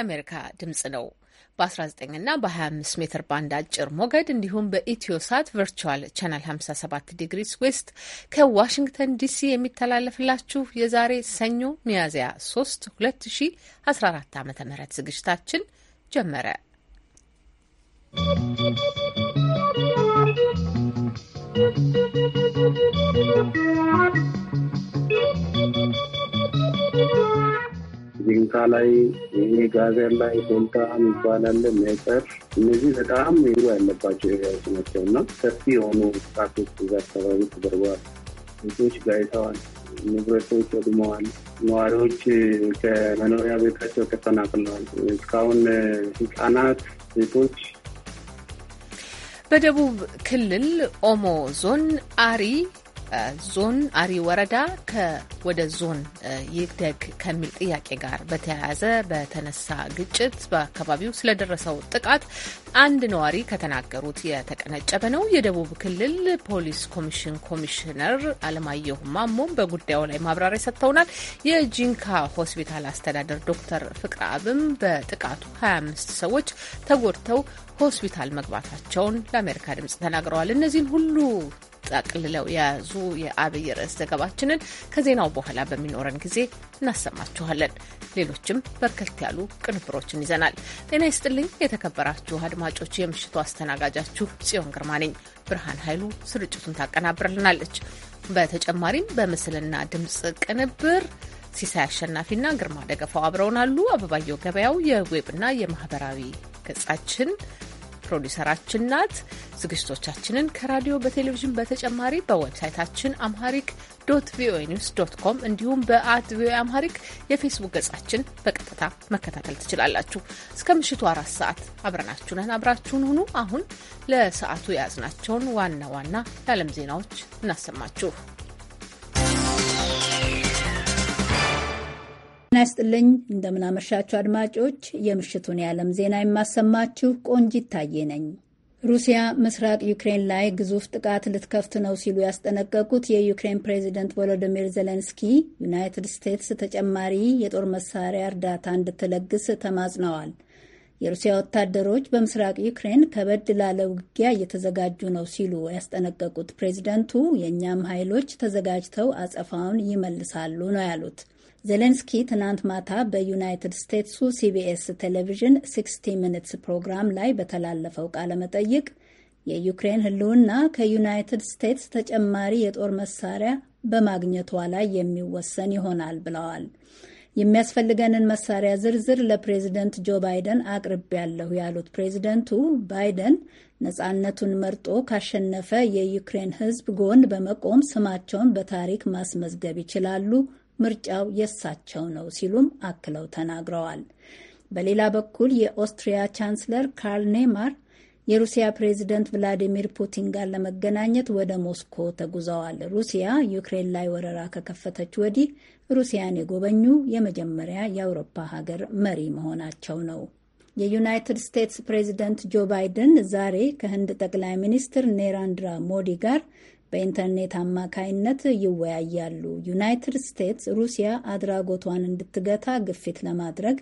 የአሜሪካ ድምጽ ነው። በ19 እና በ25 ሜትር ባንድ አጭር ሞገድ እንዲሁም በኢትዮሳት ቨርቹዋል ቻናል 57 ዲግሪስ ዌስት ከዋሽንግተን ዲሲ የሚተላለፍላችሁ የዛሬ ሰኞ ሚያዝያ 3 2014 ዓ ም ዝግጅታችን ጀመረ። ¶¶ ጂንካ ላይ ጋዘር ላይ ኮልታ የሚባል አለ፣ ሜጠር እነዚህ በጣም ይሩ ያለባቸው ኤሪያዎች ናቸው እና ሰፊ የሆኑ ጥቃቶች እዛ አካባቢ ተደርገዋል። ቤቶች ጋይተዋል፣ ንብረቶች ወድመዋል፣ ነዋሪዎች ከመኖሪያ ቤታቸው ተፈናቅለዋል። እስካሁን ህጻናት፣ ሴቶች በደቡብ ክልል ኦሞ ዞን አሪ ዞን አሪ ወረዳ ወደ ዞን ይደግ ከሚል ጥያቄ ጋር በተያያዘ በተነሳ ግጭት በአካባቢው ስለደረሰው ጥቃት አንድ ነዋሪ ከተናገሩት የተቀነጨበ ነው። የደቡብ ክልል ፖሊስ ኮሚሽን ኮሚሽነር አለማየሁ ማሞም በጉዳዩ ላይ ማብራሪያ ሰጥተውናል። የጂንካ ሆስፒታል አስተዳደር ዶክተር ፍቅረ አብም በጥቃቱ 25 ሰዎች ተጎድተው ሆስፒታል መግባታቸውን ለአሜሪካ ድምጽ ተናግረዋል። እነዚህን ሁሉ ጠቅልለው የያዙ የአብይ ርዕስ ዘገባችንን ከዜናው በኋላ በሚኖረን ጊዜ እናሰማችኋለን። ሌሎችም በርከት ያሉ ቅንብሮችን ይዘናል። ጤና ይስጥልኝ የተከበራችሁ አድማጮች፣ የምሽቱ አስተናጋጃችሁ ጽዮን ግርማ ነኝ። ብርሃን ኃይሉ ስርጭቱን ታቀናብርልናለች። በተጨማሪም በምስልና ድምፅ ቅንብር ሲሳይ አሸናፊና ግርማ ደገፋው አብረውናሉ። አበባየው ገበያው የዌብና የማህበራዊ ገጻችን ፕሮዲሰራችን ናት። ዝግጅቶቻችንን ከራዲዮ በቴሌቪዥን በተጨማሪ በዌብሳይታችን አምሃሪክ ዶት ቪኦኤ ኒውስ ዶት ኮም እንዲሁም በአት ቪኦኤ አምሃሪክ የፌስቡክ ገጻችን በቀጥታ መከታተል ትችላላችሁ። እስከ ምሽቱ አራት ሰዓት አብረናችሁ ነን። አብራችሁን ሁኑ። አሁን ለሰዓቱ የያዝናቸውን ዋና ዋና የዓለም ዜናዎች እናሰማችሁ። ጤና ይስጥልኝ እንደምናመሻችሁ አድማጮች፣ የምሽቱን የዓለም ዜና የማሰማችሁ ቆንጂት ታዬ ነኝ። ሩሲያ ምስራቅ ዩክሬን ላይ ግዙፍ ጥቃት ልትከፍት ነው ሲሉ ያስጠነቀቁት የዩክሬን ፕሬዚደንት ቮሎዲሚር ዜሌንስኪ ዩናይትድ ስቴትስ ተጨማሪ የጦር መሳሪያ እርዳታ እንድትለግስ ተማጽነዋል። የሩሲያ ወታደሮች በምስራቅ ዩክሬን ከበድ ላለ ውጊያ እየተዘጋጁ ነው ሲሉ ያስጠነቀቁት ፕሬዚደንቱ የእኛም ኃይሎች ተዘጋጅተው አጸፋውን ይመልሳሉ ነው ያሉት። ዜሌንስኪ ትናንት ማታ በዩናይትድ ስቴትሱ ሲቢኤስ ቴሌቪዥን 60 ሚኒትስ ፕሮግራም ላይ በተላለፈው ቃለ መጠይቅ የዩክሬን ሕልውና ከዩናይትድ ስቴትስ ተጨማሪ የጦር መሳሪያ በማግኘቷ ላይ የሚወሰን ይሆናል ብለዋል። የሚያስፈልገንን መሳሪያ ዝርዝር ለፕሬዝደንት ጆ ባይደን አቅርቤያለሁ ያሉት ፕሬዝደንቱ ባይደን ነፃነቱን መርጦ ካሸነፈ የዩክሬን ሕዝብ ጎን በመቆም ስማቸውን በታሪክ ማስመዝገብ ይችላሉ ምርጫው የእሳቸው ነው ሲሉም አክለው ተናግረዋል። በሌላ በኩል የኦስትሪያ ቻንስለር ካርል ኔማር የሩሲያ ፕሬዚደንት ቭላዲሚር ፑቲን ጋር ለመገናኘት ወደ ሞስኮ ተጉዘዋል። ሩሲያ ዩክሬን ላይ ወረራ ከከፈተች ወዲህ ሩሲያን የጎበኙ የመጀመሪያ የአውሮፓ ሀገር መሪ መሆናቸው ነው። የዩናይትድ ስቴትስ ፕሬዚደንት ጆ ባይደን ዛሬ ከህንድ ጠቅላይ ሚኒስትር ኔራንድራ ሞዲ ጋር በኢንተርኔት አማካይነት ይወያያሉ። ዩናይትድ ስቴትስ ሩሲያ አድራጎቷን እንድትገታ ግፊት ለማድረግ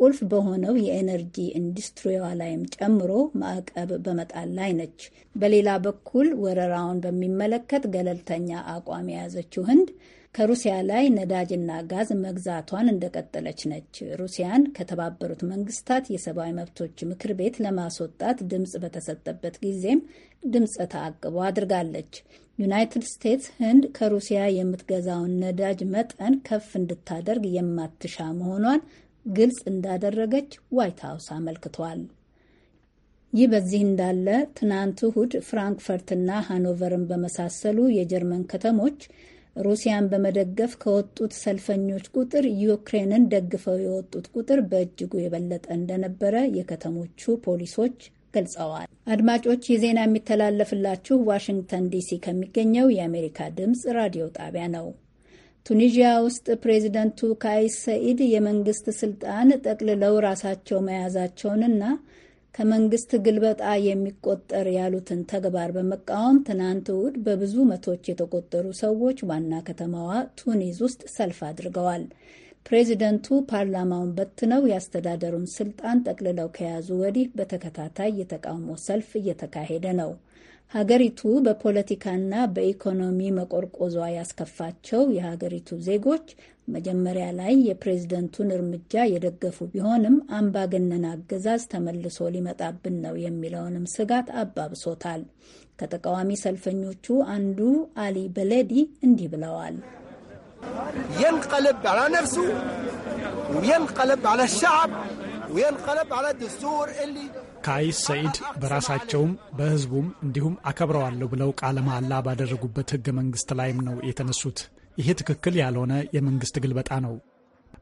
ቁልፍ በሆነው የኤነርጂ ኢንዱስትሪዋ ላይም ጨምሮ ማዕቀብ በመጣል ላይ ነች። በሌላ በኩል ወረራውን በሚመለከት ገለልተኛ አቋም የያዘችው ህንድ ከሩሲያ ላይ ነዳጅና ጋዝ መግዛቷን እንደቀጠለች ነች። ሩሲያን ከተባበሩት መንግስታት የሰብአዊ መብቶች ምክር ቤት ለማስወጣት ድምፅ በተሰጠበት ጊዜም ድምፀ ተአቅቦ አድርጋለች። ዩናይትድ ስቴትስ ህንድ ከሩሲያ የምትገዛውን ነዳጅ መጠን ከፍ እንድታደርግ የማትሻ መሆኗን ግልጽ እንዳደረገች ዋይት ሀውስ አመልክቷል። ይህ በዚህ እንዳለ ትናንት እሁድ ፍራንክፈርትና ሃኖቨርን በመሳሰሉ የጀርመን ከተሞች ሩሲያን በመደገፍ ከወጡት ሰልፈኞች ቁጥር ዩክሬንን ደግፈው የወጡት ቁጥር በእጅጉ የበለጠ እንደነበረ የከተሞቹ ፖሊሶች ገልጸዋል። አድማጮች ይህ ዜና የሚተላለፍላችሁ ዋሽንግተን ዲሲ ከሚገኘው የአሜሪካ ድምፅ ራዲዮ ጣቢያ ነው። ቱኒዥያ ውስጥ ፕሬዚደንቱ ካይስ ሰኢድ የመንግስት ስልጣን ጠቅልለው ራሳቸው መያዛቸውንና ከመንግስት ግልበጣ የሚቆጠር ያሉትን ተግባር በመቃወም ትናንት እሁድ በብዙ መቶች የተቆጠሩ ሰዎች ዋና ከተማዋ ቱኒዝ ውስጥ ሰልፍ አድርገዋል። ፕሬዚደንቱ ፓርላማውን በትነው የአስተዳደሩን ስልጣን ጠቅልለው ከያዙ ወዲህ በተከታታይ የተቃውሞ ሰልፍ እየተካሄደ ነው። ሀገሪቱ በፖለቲካና በኢኮኖሚ መቆርቆዟ ያስከፋቸው የሀገሪቱ ዜጎች መጀመሪያ ላይ የፕሬዝደንቱን እርምጃ የደገፉ ቢሆንም አምባገነን አገዛዝ ተመልሶ ሊመጣብን ነው የሚለውንም ስጋት አባብሶታል። ከተቃዋሚ ሰልፈኞቹ አንዱ አሊ በሌዲ እንዲህ ብለዋል። የንቀልብ ዐላ ነፍሱ የንቀልብ ዐላ ሻዕብ የንቀልብ ዐላ ድስቱር እሊ ካይስ ሰኢድ በራሳቸውም በህዝቡም እንዲሁም አከብረዋለሁ ብለው ቃለ መሐላ ባደረጉበት ህገ መንግሥት ላይም ነው የተነሱት። ይሄ ትክክል ያልሆነ የመንግስት ግልበጣ ነው።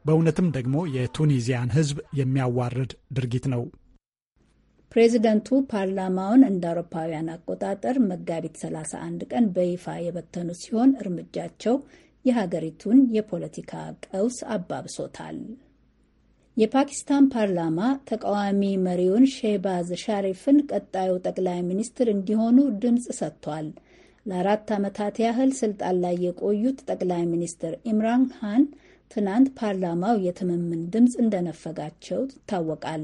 በእውነትም ደግሞ የቱኒዚያን ህዝብ የሚያዋርድ ድርጊት ነው። ፕሬዚደንቱ ፓርላማውን እንደ አውሮፓውያን አቆጣጠር መጋቢት 31 ቀን በይፋ የበተኑ ሲሆን እርምጃቸው የሀገሪቱን የፖለቲካ ቀውስ አባብሶታል። የፓኪስታን ፓርላማ ተቃዋሚ መሪውን ሼባዝ ሻሪፍን ቀጣዩ ጠቅላይ ሚኒስትር እንዲሆኑ ድምፅ ሰጥቷል። ለአራት ዓመታት ያህል ስልጣን ላይ የቆዩት ጠቅላይ ሚኒስትር ኢምራን ሃን ትናንት ፓርላማው የትምምን ድምፅ እንደነፈጋቸው ይታወቃል።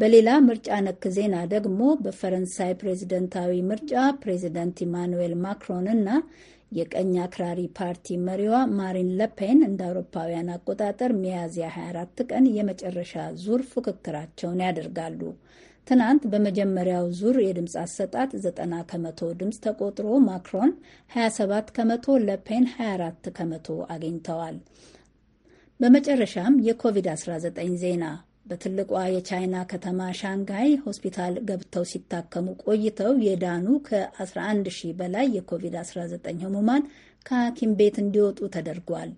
በሌላ ምርጫ ነክ ዜና ደግሞ በፈረንሳይ ፕሬዝደንታዊ ምርጫ ፕሬዝደንት ኢማኑዌል ማክሮን እና የቀኝ አክራሪ ፓርቲ መሪዋ ማሪን ለፔን እንደ አውሮፓውያን አቆጣጠር ሚያዝያ 24 ቀን የመጨረሻ ዙር ፉክክራቸውን ያደርጋሉ። ትናንት በመጀመሪያው ዙር የድምፅ አሰጣጥ 90 ከመቶ ድምፅ ተቆጥሮ ማክሮን 27 ከመቶ፣ ለፔን 24 ከመቶ አግኝተዋል። በመጨረሻም የኮቪድ-19 ዜና በትልቋ የቻይና ከተማ ሻንጋይ ሆስፒታል ገብተው ሲታከሙ ቆይተው የዳኑ ከ11 ሺህ በላይ የኮቪድ-19 ህሙማን ከሐኪም ቤት እንዲወጡ ተደርጓል።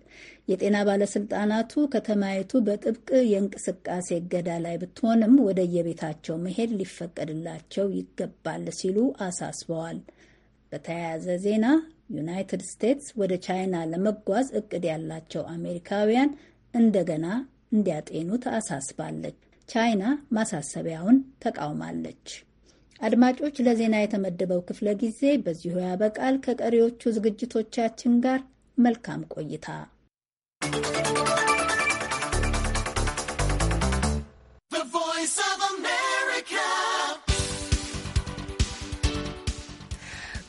የጤና ባለስልጣናቱ ከተማይቱ በጥብቅ የእንቅስቃሴ እገዳ ላይ ብትሆንም ወደየቤታቸው መሄድ ሊፈቀድላቸው ይገባል ሲሉ አሳስበዋል። በተያያዘ ዜና ዩናይትድ ስቴትስ ወደ ቻይና ለመጓዝ እቅድ ያላቸው አሜሪካውያን እንደገና እንዲያጤኑ አሳስባለች። ቻይና ማሳሰቢያውን ተቃውማለች። አድማጮች፣ ለዜና የተመደበው ክፍለ ጊዜ በዚሁ ያበቃል። ከቀሪዎቹ ዝግጅቶቻችን ጋር መልካም ቆይታ።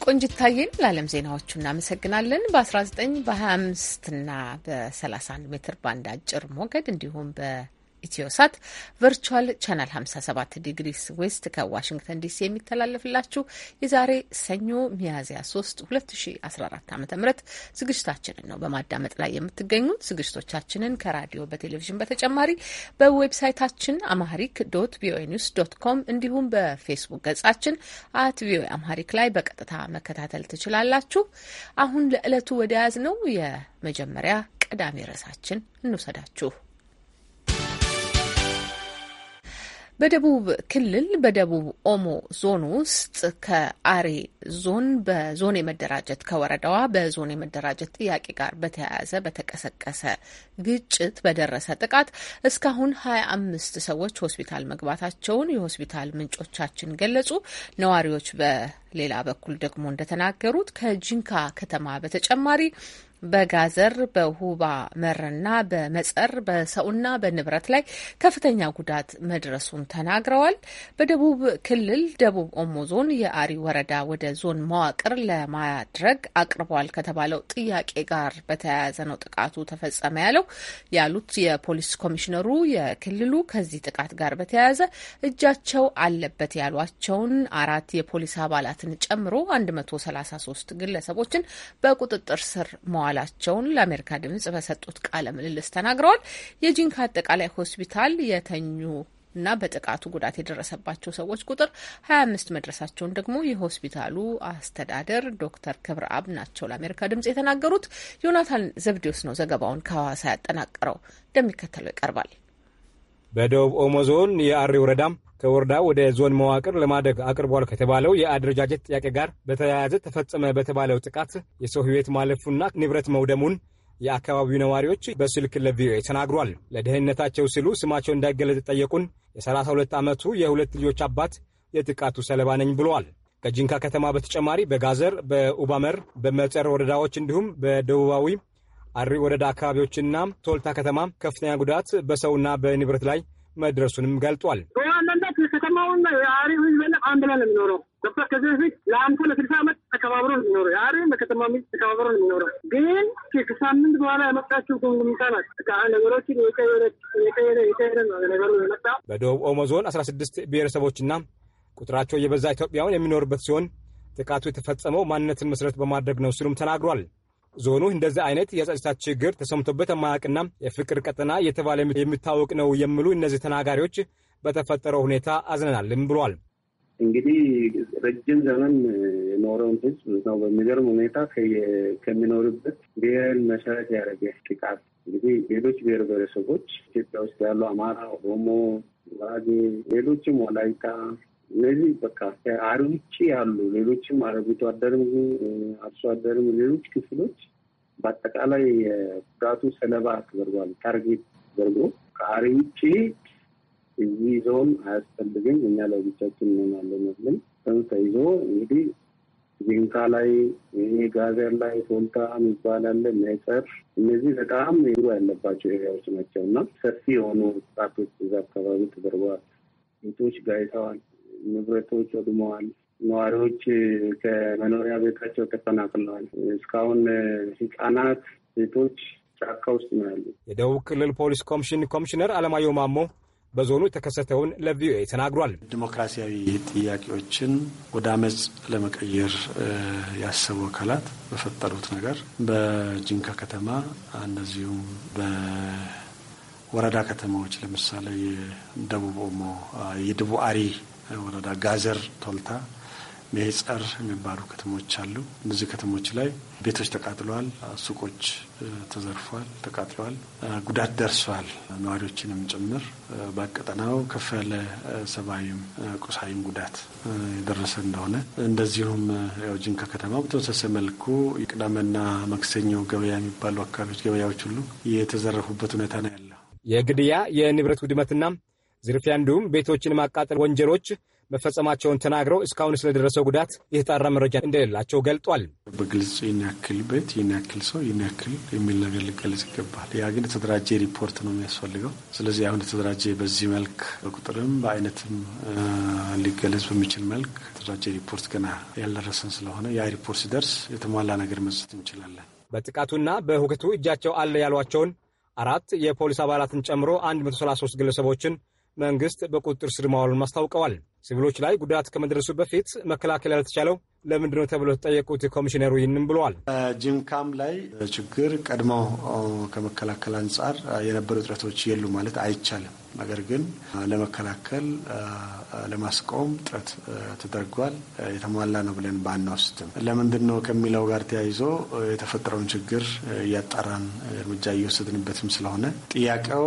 ቆንጅታዬን ለዓለም ዜናዎቹ እናመሰግናለን። በ19 በ25 እና በ31 ሜትር ባንድ አጭር ሞገድ እንዲሁም በ ኢትዮሳት ቨርቹዋል ቻናል 57 ዲግሪስ ዌስት ከዋሽንግተን ዲሲ የሚተላለፍላችሁ የዛሬ ሰኞ ሚያዝያ 3 2014 ዓ ም ዝግጅታችንን ነው በማዳመጥ ላይ የምትገኙት። ዝግጅቶቻችንን ከራዲዮ በቴሌቪዥን በተጨማሪ በዌብሳይታችን አማሪክ ዶት ቪኦኤ ኒውስ ዶት ኮም እንዲሁም በፌስቡክ ገጻችን አት ቪኦኤ አማሪክ ላይ በቀጥታ መከታተል ትችላላችሁ። አሁን ለዕለቱ ወደ ያዝ ነው የመጀመሪያ ቀዳሚ ርዕሳችን እንውሰዳችሁ። በደቡብ ክልል በደቡብ ኦሞ ዞን ውስጥ ከአሬ ዞን በዞን የመደራጀት ከወረዳዋ በዞን የመደራጀት ጥያቄ ጋር በተያያዘ በተቀሰቀሰ ግጭት በደረሰ ጥቃት እስካሁን ሀያ አምስት ሰዎች ሆስፒታል መግባታቸውን የሆስፒታል ምንጮቻችን ገለጹ። ነዋሪዎች በሌላ በኩል ደግሞ እንደተናገሩት ከጂንካ ከተማ በተጨማሪ በጋዘር በሁባ መርና በመጸር በሰውና በንብረት ላይ ከፍተኛ ጉዳት መድረሱን ተናግረዋል። በደቡብ ክልል ደቡብ ኦሞ ዞን የአሪ ወረዳ ወደ ዞን መዋቅር ለማድረግ አቅርቧል ከተባለው ጥያቄ ጋር በተያያዘ ነው ጥቃቱ ተፈጸመ ያለው ያሉት የፖሊስ ኮሚሽነሩ የክልሉ ከዚህ ጥቃት ጋር በተያያዘ እጃቸው አለበት ያሏቸውን አራት የፖሊስ አባላትን ጨምሮ 133 ግለሰቦችን በቁጥጥር ስር መዋል መዋላቸውን ለአሜሪካ ድምጽ በሰጡት ቃለ ምልልስ ተናግረዋል። የጂንካ አጠቃላይ ሆስፒታል የተኙ እና በጥቃቱ ጉዳት የደረሰባቸው ሰዎች ቁጥር ሀያ አምስት መድረሳቸውን ደግሞ የሆስፒታሉ አስተዳደር ዶክተር ክብረ አብ ናቸው ለአሜሪካ ድምጽ የተናገሩት። ዮናታን ዘብዴዎስ ነው ዘገባውን ከሐዋሳ ያጠናቀረው፣ እንደሚከተለው ይቀርባል። በደቡብ ኦሞ ዞን የአሪ ወረዳም ከወረዳ ወደ ዞን መዋቅር ለማደግ አቅርቧል ከተባለው የአደረጃጀት ጥያቄ ጋር በተያያዘ ተፈጸመ በተባለው ጥቃት የሰው ሕይወት ማለፉና ንብረት መውደሙን የአካባቢው ነዋሪዎች በስልክ ለቪኦኤ ተናግሯል። ለደህንነታቸው ሲሉ ስማቸው እንዳይገለጽ ጠየቁን የ32 ዓመቱ የሁለት ልጆች አባት የጥቃቱ ሰለባ ነኝ ብለዋል። ከጂንካ ከተማ በተጨማሪ በጋዘር፣ በኡባመር፣ በመጸር ወረዳዎች እንዲሁም በደቡባዊ አሪ ወረዳ አካባቢዎችና ቶልታ ከተማ ከፍተኛ ጉዳት በሰውና በንብረት ላይ መድረሱንም ገልጧል። አሁን የአሪ ህዝብ አንድ ላይ ነው የሚኖረው ገባ ከዚህ በፊት ለአንተ ለስልሳ ዓመት ተከባብሮ ነው የሚኖረው። የአሪ በከተማ ሚ ተከባብሮ ነው የሚኖረው። ግን ከሳምንት በኋላ የመጣችው ጉምጉምታ ናት። ነገሮችን የቀየረ ነው ነገሩ የመጣ በደቡብ ኦሞ ዞን አስራ ስድስት ብሔረሰቦችና ቁጥራቸው የበዛ ኢትዮጵያውን የሚኖርበት ሲሆን ጥቃቱ የተፈጸመው ማንነትን መሰረት በማድረግ ነው ሲሉም ተናግሯል። ዞኑ እንደዚህ አይነት የጸጥታ ችግር ተሰምቶበት የማያውቅና የፍቅር ቀጠና እየተባለ የሚታወቅ ነው የሚሉ እነዚህ ተናጋሪዎች በተፈጠረው ሁኔታ አዝነናልም ብሏል። እንግዲህ ረጅም ዘመን የኖረውን ህዝብ ነው በሚገርም ሁኔታ ከሚኖርበት ብሔርን መሰረት ያደረገ ጥቃት እንግዲህ ሌሎች ብሔር ብሔረሰቦች ኢትዮጵያ ውስጥ ያሉ አማራ፣ ኦሮሞ፣ ጉራጌ፣ ሌሎችም ወላይታ እነዚህ በቃ ከአሪ ውጭ ያሉ ሌሎችም አርብቶ አደርም አርሶ አደርም ሌሎች ክፍሎች በአጠቃላይ ጉዳቱ ሰለባ ተደርጓል። ታርጌት ተደርጎ ከአሪ ውጭ እዚህ ዞን አያስፈልግም፣ እኛ ለብቻችን እንሆናለን ብለን ሰንስ ተይዞ እንግዲህ ጂንካ ላይ ጋዘር ላይ ቶልታ የሚባል አለ እነዚህ በጣም ይሩ ያለባቸው ኤሪያዎች ናቸው እና ሰፊ የሆኑ ጥቃቶች እዛ አካባቢ ተደርገዋል። ቤቶች ጋይተዋል፣ ንብረቶች ወድመዋል፣ ነዋሪዎች ከመኖሪያ ቤታቸው ተፈናቅለዋል። እስካሁን ህጻናት፣ ሴቶች ጫካ ውስጥ ነው ያሉ። የደቡብ ክልል ፖሊስ ኮሚሽን ኮሚሽነር አለማየሁ ማሞ በዞኑ የተከሰተውን ለቪኦኤ ተናግሯል። ዲሞክራሲያዊ ጥያቄዎችን ወደ አመፅ ለመቀየር ያሰቡ አካላት በፈጠሩት ነገር በጂንካ ከተማ እንደዚሁም በወረዳ ከተማዎች ለምሳሌ የደቡብ ኦሞ የደቡብ አሪ ወረዳ ጋዘር ቶልታ ሜጸር የሚባሉ ከተሞች አሉ። እነዚህ ከተሞች ላይ ቤቶች ተቃጥለዋል፣ ሱቆች ተዘርፏል፣ ተቃጥለዋል፣ ጉዳት ደርሷል። ነዋሪዎችንም ጭምር በቀጠናው ከፍ ያለ ሰብአዊም ቁሳዊም ጉዳት የደረሰ እንደሆነ እንደዚሁም ያው ጅንካ ከተማ በተመሳሳይ መልኩ ቅዳሜና ማክሰኞ ገበያ የሚባሉ አካባቢዎች ገበያዎች ሁሉ የተዘረፉበት ሁኔታ ነው ያለው። የግድያ የንብረት ውድመትና ዝርፊያ እንዲሁም ቤቶችን ማቃጠል ወንጀሎች መፈጸማቸውን ተናግረው እስካሁን ስለደረሰው ጉዳት የተጣራ መረጃ እንደሌላቸው ገልጧል። በግልጽ ይናክልበት ይናክል ሰው ይናክል የሚል ነገር ሊገለጽ ይገባል። ያ ግን የተደራጀ ሪፖርት ነው የሚያስፈልገው። ስለዚህ አሁን የተደራጀ በዚህ መልክ በቁጥርም በአይነትም ሊገለጽ በሚችል መልክ የተደራጀ ሪፖርት ገና ያልደረሰን ስለሆነ ያ ሪፖርት ሲደርስ የተሟላ ነገር መስጠት እንችላለን። በጥቃቱና በሁከቱ እጃቸው አለ ያሏቸውን አራት የፖሊስ አባላትን ጨምሮ 133 ግለሰቦችን መንግስት በቁጥጥር ስር ማዋሉን አስታውቀዋል። ሲቪሎች ላይ ጉዳት ከመድረሱ በፊት መከላከል ያልተቻለው ለምንድን ነው ተብሎ ተጠየቁት ኮሚሽነሩ ይህንም ብለዋል። ጂምካም ላይ ችግር ቀድሞ ከመከላከል አንጻር የነበሩ ጥረቶች የሉ ማለት አይቻልም። ነገር ግን ለመከላከል ለማስቆም ጥረት ተደርጓል። የተሟላ ነው ብለን ባንወስድም ለምንድን ነው ከሚለው ጋር ተያይዞ የተፈጠረውን ችግር እያጣራን እርምጃ እየወሰድንበትም ስለሆነ ጥያቄው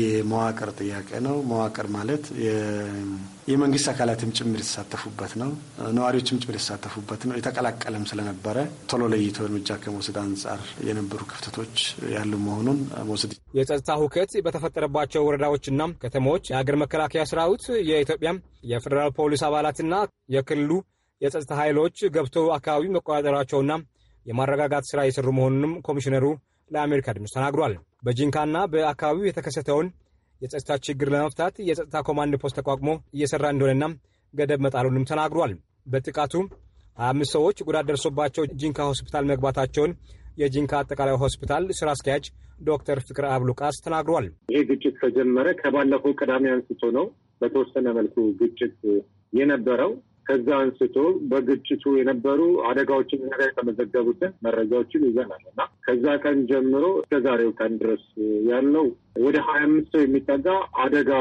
የመዋቅር ጥያቄ ነው። መዋቅር ማለት የመንግስት አካላትም ጭምር የተሳተፉበት ነው። ነዋሪዎችም ጭምር የተሳተፉበት ነው። የተቀላቀለም ስለነበረ ቶሎ ለይቶ እርምጃ ከመውሰድ አንጻር የነበሩ ክፍተቶች ያሉ መሆኑን መውሰድ የጸጥታ ሁከት በተፈጠረባቸው ወረዳዎችና ከተሞች የአገር መከላከያ ሰራዊት፣ የኢትዮጵያ የፌዴራል ፖሊስ አባላትና የክልሉ የጸጥታ ኃይሎች ገብተው አካባቢ መቆጣጠራቸውና የማረጋጋት ስራ የሰሩ መሆኑንም ኮሚሽነሩ ለአሜሪካ ድምፅ ተናግሯል። በጂንካና በአካባቢው የተከሰተውን የጸጥታ ችግር ለመፍታት የጸጥታ ኮማንድ ፖስት ተቋቁሞ እየሰራ እንደሆነና ገደብ መጣሉንም ተናግሯል። በጥቃቱ 25 ሰዎች ጉዳት ደርሶባቸው ጂንካ ሆስፒታል መግባታቸውን የጂንካ አጠቃላይ ሆስፒታል ስራ አስኪያጅ ዶክተር ፍቅረ አብ ሉቃስ ተናግሯል። ይህ ግጭት ከጀመረ ከባለፈው ቅዳሜ አንስቶ ነው በተወሰነ መልኩ ግጭት የነበረው ከዛ አንስቶ በግጭቱ የነበሩ አደጋዎችን ና የተመዘገቡትን መረጃዎችን ይዘናል እና ከዛ ቀን ጀምሮ እስከዛሬው ቀን ድረስ ያለው ወደ ሀያ አምስት ሰው የሚጠጋ አደጋ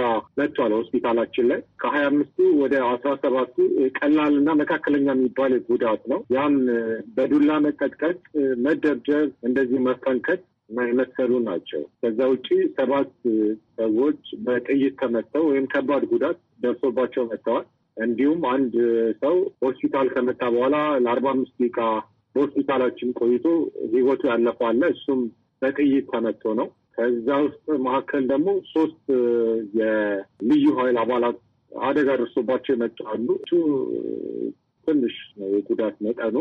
መጥቷል ሆስፒታላችን ላይ ከሀያ አምስቱ ወደ አስራ ሰባቱ ቀላል እና መካከለኛ የሚባል ጉዳት ነው። ያም በዱላ መቀጥቀጥ፣ መደብደብ፣ እንደዚህ መፈንከት መሰሉ ናቸው። ከዛ ውጭ ሰባት ሰዎች በጥይት ተመተው ወይም ከባድ ጉዳት ደርሶባቸው መጥተዋል። እንዲሁም አንድ ሰው ሆስፒታል ከመጣ በኋላ ለአርባ አምስት ደቂቃ በሆስፒታላችን ቆይቶ ህይወቱ ያለፈው እሱም በጥይት ተመቶ ነው። ከዛ ውስጥ መካከል ደግሞ ሶስት የልዩ ኃይል አባላት አደጋ ደርሶባቸው የመጡ አሉ። ትንሽ ነው የጉዳት መጠኑ።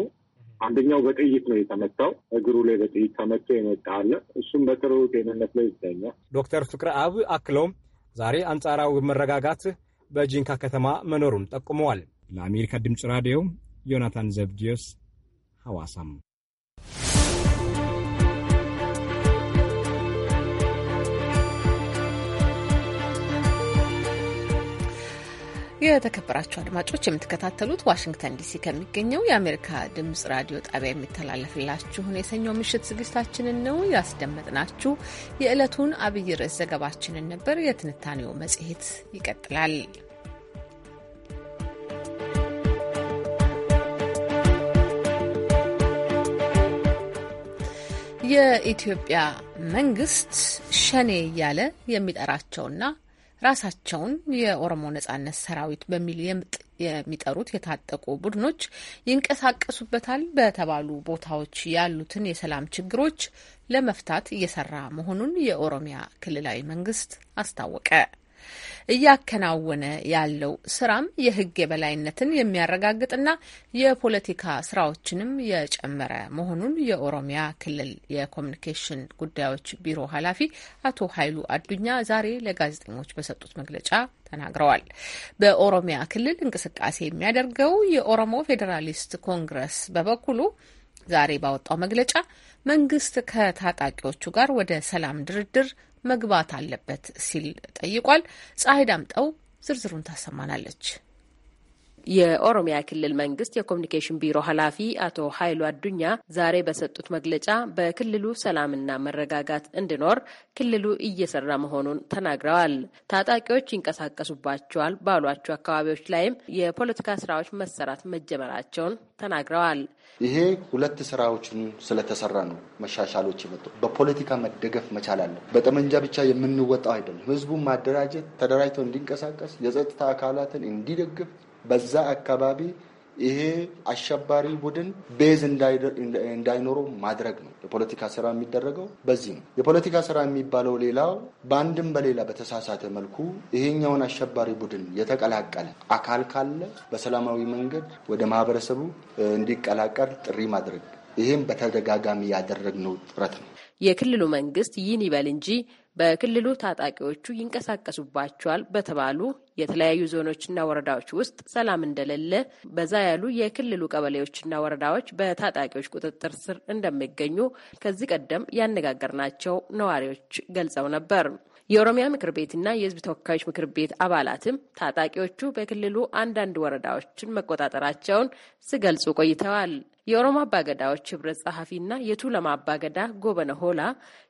አንደኛው በጥይት ነው የተመታው። እግሩ ላይ በጥይት ተመቶ የመጣ አለ። እሱም በጥሩ ጤንነት ላይ ይገኛል። ዶክተር ፍቅረ አብ አክለውም ዛሬ አንጻራዊ መረጋጋት በጂንካ ከተማ መኖሩን ጠቁመዋል። ለአሜሪካ ድምፅ ራዲዮ ዮናታን ዘብድዮስ ሐዋሳም የተከበራችሁ አድማጮች የምትከታተሉት ዋሽንግተን ዲሲ ከሚገኘው የአሜሪካ ድምጽ ራዲዮ ጣቢያ የሚተላለፍላችሁን የሰኞ ምሽት ዝግጅታችንን ነው ያስደመጥናችሁ። የዕለቱን አብይ ርዕስ ዘገባችንን ነበር። የትንታኔው መጽሔት ይቀጥላል። የኢትዮጵያ መንግስት ሸኔ እያለ የሚጠራቸውና ራሳቸውን የኦሮሞ ነጻነት ሰራዊት በሚል የሚጠሩት የታጠቁ ቡድኖች ይንቀሳቀሱበታል በተባሉ ቦታዎች ያሉትን የሰላም ችግሮች ለመፍታት እየሰራ መሆኑን የኦሮሚያ ክልላዊ መንግስት አስታወቀ። እያከናወነ ያለው ስራም የህግ የበላይነትን የሚያረጋግጥና የፖለቲካ ስራዎችንም የጨመረ መሆኑን የኦሮሚያ ክልል የኮሚኒኬሽን ጉዳዮች ቢሮ ኃላፊ አቶ ኃይሉ አዱኛ ዛሬ ለጋዜጠኞች በሰጡት መግለጫ ተናግረዋል። በኦሮሚያ ክልል እንቅስቃሴ የሚያደርገው የኦሮሞ ፌዴራሊስት ኮንግረስ በበኩሉ ዛሬ ባወጣው መግለጫ መንግስት ከታጣቂዎቹ ጋር ወደ ሰላም ድርድር መግባት አለበት ሲል ጠይቋል። ፀሐይ ዳምጠው ዝርዝሩን ታሰማናለች። የኦሮሚያ ክልል መንግስት የኮሚኒኬሽን ቢሮ ኃላፊ አቶ ኃይሉ አዱኛ ዛሬ በሰጡት መግለጫ በክልሉ ሰላምና መረጋጋት እንዲኖር ክልሉ እየሰራ መሆኑን ተናግረዋል። ታጣቂዎች ይንቀሳቀሱባቸዋል ባሏቸው አካባቢዎች ላይም የፖለቲካ ስራዎች መሰራት መጀመራቸውን ተናግረዋል። ይሄ ሁለት ስራዎችን ስለተሰራ ነው መሻሻሎች የመጡ። በፖለቲካ መደገፍ መቻል አለ። በጠመንጃ ብቻ የምንወጣው አይደለም። ህዝቡን ማደራጀት፣ ተደራጅተው እንዲንቀሳቀስ፣ የጸጥታ አካላትን እንዲደግፍ በዛ አካባቢ ይሄ አሸባሪ ቡድን ቤዝ እንዳይኖረው ማድረግ ነው። የፖለቲካ ስራ የሚደረገው በዚህ ነው። የፖለቲካ ስራ የሚባለው ሌላው በአንድም በሌላ በተሳሳተ መልኩ ይሄኛውን አሸባሪ ቡድን የተቀላቀለ አካል ካለ በሰላማዊ መንገድ ወደ ማህበረሰቡ እንዲቀላቀል ጥሪ ማድረግ፣ ይህም በተደጋጋሚ ያደረግነው ጥረት ነው። የክልሉ መንግስት ይህን ይበል እንጂ በክልሉ ታጣቂዎቹ ይንቀሳቀሱባቸዋል በተባሉ የተለያዩ ዞኖችና ወረዳዎች ውስጥ ሰላም እንደሌለ በዛ ያሉ የክልሉ ቀበሌዎችና ወረዳዎች በታጣቂዎች ቁጥጥር ስር እንደሚገኙ ከዚህ ቀደም ያነጋገርናቸው ነዋሪዎች ገልጸው ነበር። የኦሮሚያ ምክር ቤትና የህዝብ ተወካዮች ምክር ቤት አባላትም ታጣቂዎቹ በክልሉ አንዳንድ ወረዳዎችን መቆጣጠራቸውን ሲገልጹ ቆይተዋል። የኦሮሞ አባገዳዎች ህብረት ጸሐፊና የቱለማ አባገዳ ጎበነ ሆላ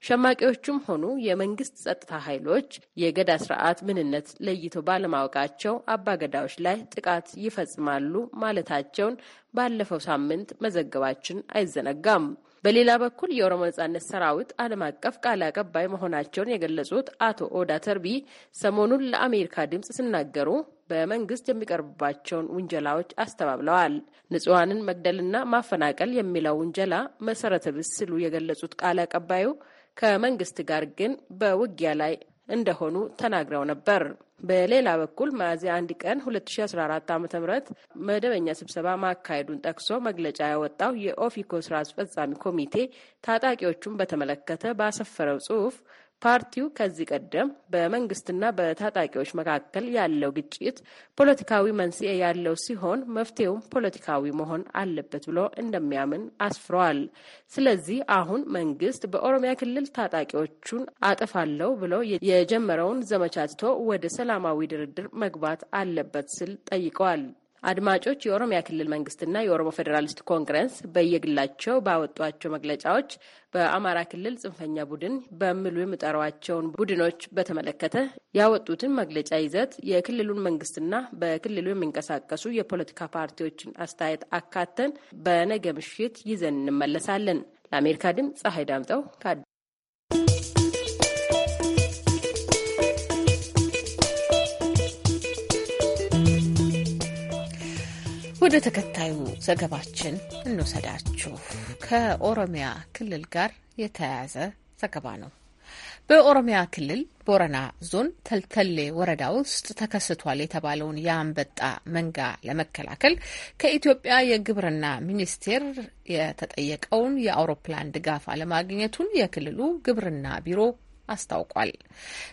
ሸማቂዎቹም ሆኑ የመንግስት ጸጥታ ኃይሎች የገዳ ስርዓት ምንነት ለይቶ ባለማወቃቸው አባገዳዎች ላይ ጥቃት ይፈጽማሉ ማለታቸውን ባለፈው ሳምንት መዘገባችን አይዘነጋም። በሌላ በኩል የኦሮሞ ነጻነት ሰራዊት ዓለም አቀፍ ቃል አቀባይ መሆናቸውን የገለጹት አቶ ኦዳ ተርቢ ሰሞኑን ለአሜሪካ ድምፅ ሲናገሩ በመንግስት የሚቀርቡባቸውን ውንጀላዎች አስተባብለዋል። ንጹሐንን መግደልና ማፈናቀል የሚለው ውንጀላ መሰረተ ቢስ ሲሉ የገለጹት ቃል አቀባዩ ከመንግስት ጋር ግን በውጊያ ላይ እንደሆኑ ተናግረው ነበር። በሌላ በኩል ሚያዝያ አንድ ቀን 2014 ዓ ም መደበኛ ስብሰባ ማካሄዱን ጠቅሶ መግለጫ ያወጣው የኦፊኮ ስራ አስፈጻሚ ኮሚቴ ታጣቂዎቹን በተመለከተ ባሰፈረው ጽሁፍ ፓርቲው ከዚህ ቀደም በመንግስትና በታጣቂዎች መካከል ያለው ግጭት ፖለቲካዊ መንስኤ ያለው ሲሆን መፍትሄውም ፖለቲካዊ መሆን አለበት ብሎ እንደሚያምን አስፍረዋል። ስለዚህ አሁን መንግስት በኦሮሚያ ክልል ታጣቂዎቹን አጠፋለሁ ብሎ የጀመረውን ዘመቻ ትቶ ወደ ሰላማዊ ድርድር መግባት አለበት ስል ጠይቀዋል። አድማጮች፣ የኦሮሚያ ክልል መንግስትና የኦሮሞ ፌዴራሊስት ኮንግረስ በየግላቸው ባወጧቸው መግለጫዎች በአማራ ክልል ጽንፈኛ ቡድን በሚሉ የሚጠሯቸውን ቡድኖች በተመለከተ ያወጡትን መግለጫ ይዘት የክልሉን መንግስትና በክልሉ የሚንቀሳቀሱ የፖለቲካ ፓርቲዎችን አስተያየት አካተን በነገ ምሽት ይዘን እንመለሳለን። ለአሜሪካ ድምፅ ፀሐይ ዳምጠው ከአዲስ ወደ ተከታዩ ዘገባችን እንወሰዳችሁ ከኦሮሚያ ክልል ጋር የተያያዘ ዘገባ ነው። በኦሮሚያ ክልል ቦረና ዞን ተልተሌ ወረዳ ውስጥ ተከስቷል የተባለውን የአንበጣ መንጋ ለመከላከል ከኢትዮጵያ የግብርና ሚኒስቴር የተጠየቀውን የአውሮፕላን ድጋፍ አለማግኘቱን የክልሉ ግብርና ቢሮ አስታውቋል።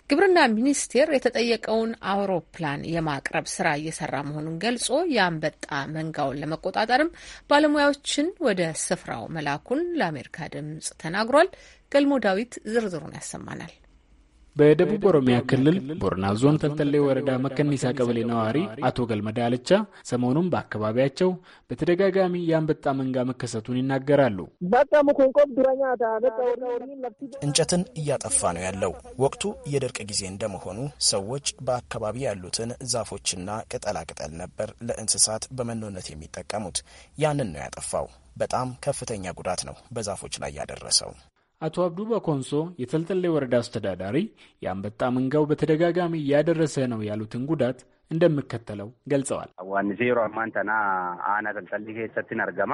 ግብርና ሚኒስቴር የተጠየቀውን አውሮፕላን የማቅረብ ስራ እየሰራ መሆኑን ገልጾ የአንበጣ መንጋውን ለመቆጣጠርም ባለሙያዎችን ወደ ስፍራው መላኩን ለአሜሪካ ድምጽ ተናግሯል። ገልሞ ዳዊት ዝርዝሩን ያሰማናል። በደቡብ ኦሮሚያ ክልል ቦርና ዞን ተንተሌ ወረዳ መከኒሳ ቀበሌ ነዋሪ አቶ ገልመዳ አለቻ ሰሞኑን በአካባቢያቸው በተደጋጋሚ የአንበጣ መንጋ መከሰቱን ይናገራሉ። እንጨትን እያጠፋ ነው ያለው። ወቅቱ የድርቅ ጊዜ እንደመሆኑ ሰዎች በአካባቢ ያሉትን ዛፎችና ቅጠላቅጠል ነበር ለእንስሳት በመኖነት የሚጠቀሙት። ያንን ነው ያጠፋው። በጣም ከፍተኛ ጉዳት ነው በዛፎች ላይ ያደረሰው። አቶ አብዱ በኮንሶ የተልጠሌ ወረዳ አስተዳዳሪ የአንበጣ መንጋው በተደጋጋሚ እያደረሰ ነው ያሉትን ጉዳት እንደሚከተለው ገልጸዋል። ዋን ዜሮ አማንተና አና ተልጠሌ ሰትን አርገማ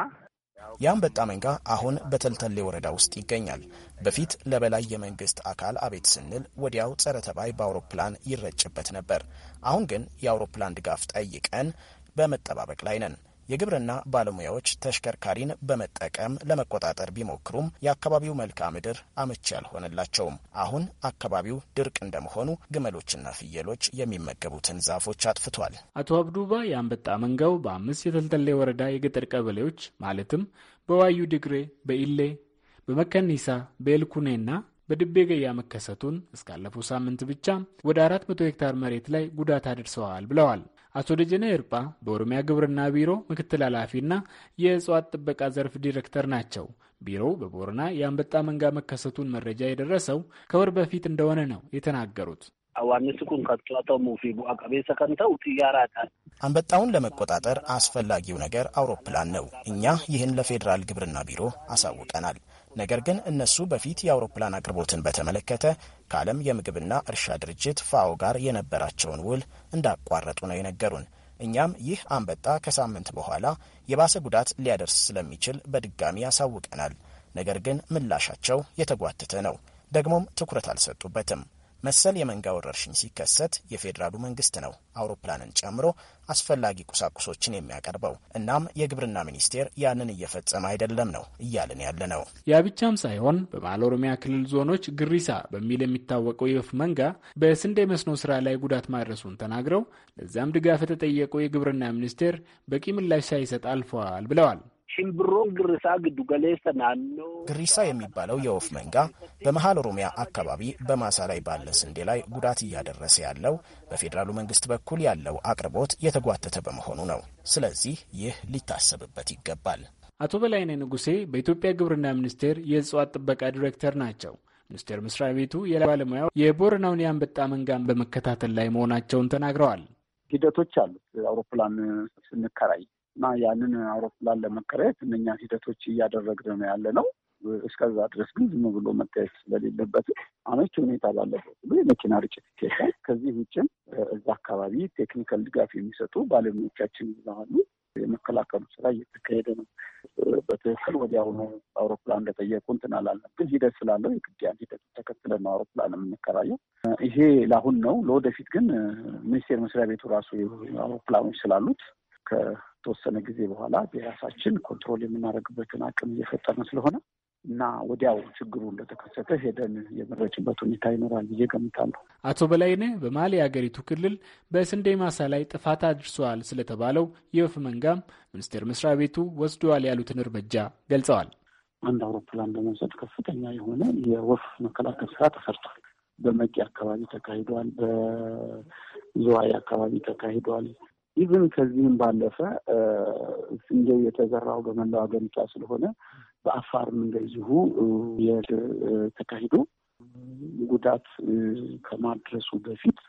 የአንበጣ መንጋ አሁን በተልተሌ ወረዳ ውስጥ ይገኛል። በፊት ለበላይ የመንግስት አካል አቤት ስንል ወዲያው ጸረ ተባይ በአውሮፕላን ይረጭበት ነበር። አሁን ግን የአውሮፕላን ድጋፍ ጠይቀን በመጠባበቅ ላይ ነን። የግብርና ባለሙያዎች ተሽከርካሪን በመጠቀም ለመቆጣጠር ቢሞክሩም የአካባቢው መልክዓ ምድር አመቺ አልሆነላቸውም። አሁን አካባቢው ድርቅ እንደመሆኑ ግመሎችና ፍየሎች የሚመገቡትን ዛፎች አጥፍቷል። አቶ አብዱባ የአንበጣ መንጋው በአምስት የተልተሌ ወረዳ የገጠር ቀበሌዎች ማለትም በዋዩ ድግሬ፣ በኢሌ፣ በመከኒሳ፣ በኤልኩኔና በድቤ ገያ መከሰቱን እስካለፈው ሳምንት ብቻ ወደ አራት መቶ ሄክታር መሬት ላይ ጉዳት አድርሰዋል ብለዋል። አቶ ደጀነ ይርጳ በኦሮሚያ ግብርና ቢሮ ምክትል ኃላፊና የእጽዋት ጥበቃ ዘርፍ ዲሬክተር ናቸው። ቢሮው በቦረና የአንበጣ መንጋ መከሰቱን መረጃ የደረሰው ከወር በፊት እንደሆነ ነው የተናገሩት። አንበጣውን ለመቆጣጠር አስፈላጊው ነገር አውሮፕላን ነው። እኛ ይህን ለፌዴራል ግብርና ቢሮ አሳውቀናል። ነገር ግን እነሱ በፊት የአውሮፕላን አቅርቦትን በተመለከተ ከዓለም የምግብና እርሻ ድርጅት ፋኦ ጋር የነበራቸውን ውል እንዳቋረጡ ነው የነገሩን። እኛም ይህ አንበጣ ከሳምንት በኋላ የባሰ ጉዳት ሊያደርስ ስለሚችል በድጋሚ ያሳውቀናል። ነገር ግን ምላሻቸው የተጓተተ ነው። ደግሞም ትኩረት አልሰጡበትም። መሰል የመንጋ ወረርሽኝ ሲከሰት የፌዴራሉ መንግስት ነው አውሮፕላንን ጨምሮ አስፈላጊ ቁሳቁሶችን የሚያቀርበው። እናም የግብርና ሚኒስቴር ያንን እየፈጸመ አይደለም ነው እያልን ያለ ነው። ያ ብቻም ሳይሆን በመሃል ኦሮሚያ ክልል ዞኖች ግሪሳ በሚል የሚታወቀው የወፍ መንጋ በስንዴ መስኖ ስራ ላይ ጉዳት ማድረሱን ተናግረው ለዚያም ድጋፍ የተጠየቀው የግብርና ሚኒስቴር በቂ ምላሽ ሳይሰጥ አልፈዋል ብለዋል። ሽምብሮን ግርሳ ግዱ ገሌሰ ናኖ ግሪሳ የሚባለው የወፍ መንጋ በመሀል ኦሮሚያ አካባቢ በማሳ ላይ ባለ ስንዴ ላይ ጉዳት እያደረሰ ያለው በፌዴራሉ መንግስት በኩል ያለው አቅርቦት የተጓተተ በመሆኑ ነው። ስለዚህ ይህ ሊታሰብበት ይገባል። አቶ በላይነህ ንጉሴ በኢትዮጵያ ግብርና ሚኒስቴር የእጽዋት ጥበቃ ዲሬክተር ናቸው። ሚኒስቴር መስሪያ ቤቱ የባለሙያው ባለሙያው የቦረናውን የአንበጣ መንጋን በመከታተል ላይ መሆናቸውን ተናግረዋል። ሂደቶች አሉ። አውሮፕላን ስንከራይ እና ያንን አውሮፕላን ለመከራየት እነኛ ሂደቶች እያደረግን ነው ያለ ነው። እስከዛ ድረስ ግን ዝም ብሎ መታየት ስለሌለበት አመች ሁኔታ ባለበት ብሎ የመኪና ርጭት ይካሄዳል። ከዚህ ውጭም እዛ አካባቢ ቴክኒካል ድጋፍ የሚሰጡ ባለሙያዎቻችን ይዛሉ። የመከላከሉ ስራ እየተካሄደ ነው። በትክክል ወዲያውኑ አውሮፕላን እንደጠየቁ እንትን አላለም፣ ግን ሂደት ስላለው የግዲያን ሂደት ተከትለን ነው አውሮፕላን የምንከራየው። ይሄ ለአሁን ነው። ለወደፊት ግን ሚኒስቴር መስሪያ ቤቱ ራሱ አውሮፕላኖች ስላሉት ከተወሰነ ጊዜ በኋላ የራሳችን ኮንትሮል የምናደርግበትን አቅም እየፈጠርን ስለሆነ እና ወዲያው ችግሩ እንደተከሰተ ሄደን የመረጭበት ሁኔታ ይኖራል ብዬ ገምታለሁ። አቶ በላይነህ በመሀል የአገሪቱ ክልል በስንዴ ማሳ ላይ ጥፋት አድርሰዋል ስለተባለው የወፍ መንጋም ሚኒስቴር መስሪያ ቤቱ ወስደዋል ያሉትን እርምጃ ገልጸዋል። አንድ አውሮፕላን በመውሰድ ከፍተኛ የሆነ የወፍ መከላከል ስራ ተሰርቷል። በመቂ አካባቢ ተካሂዷል። በዝዋይ አካባቢ ተካሂዷል። ኢቭን ከዚህም ባለፈ ስንዴው የተዘራው በመላው ሀገሪቷ ስለሆነ በአፋርም እንደዚሁ ተካሂዶ ጉዳት ከማድረሱ በፊት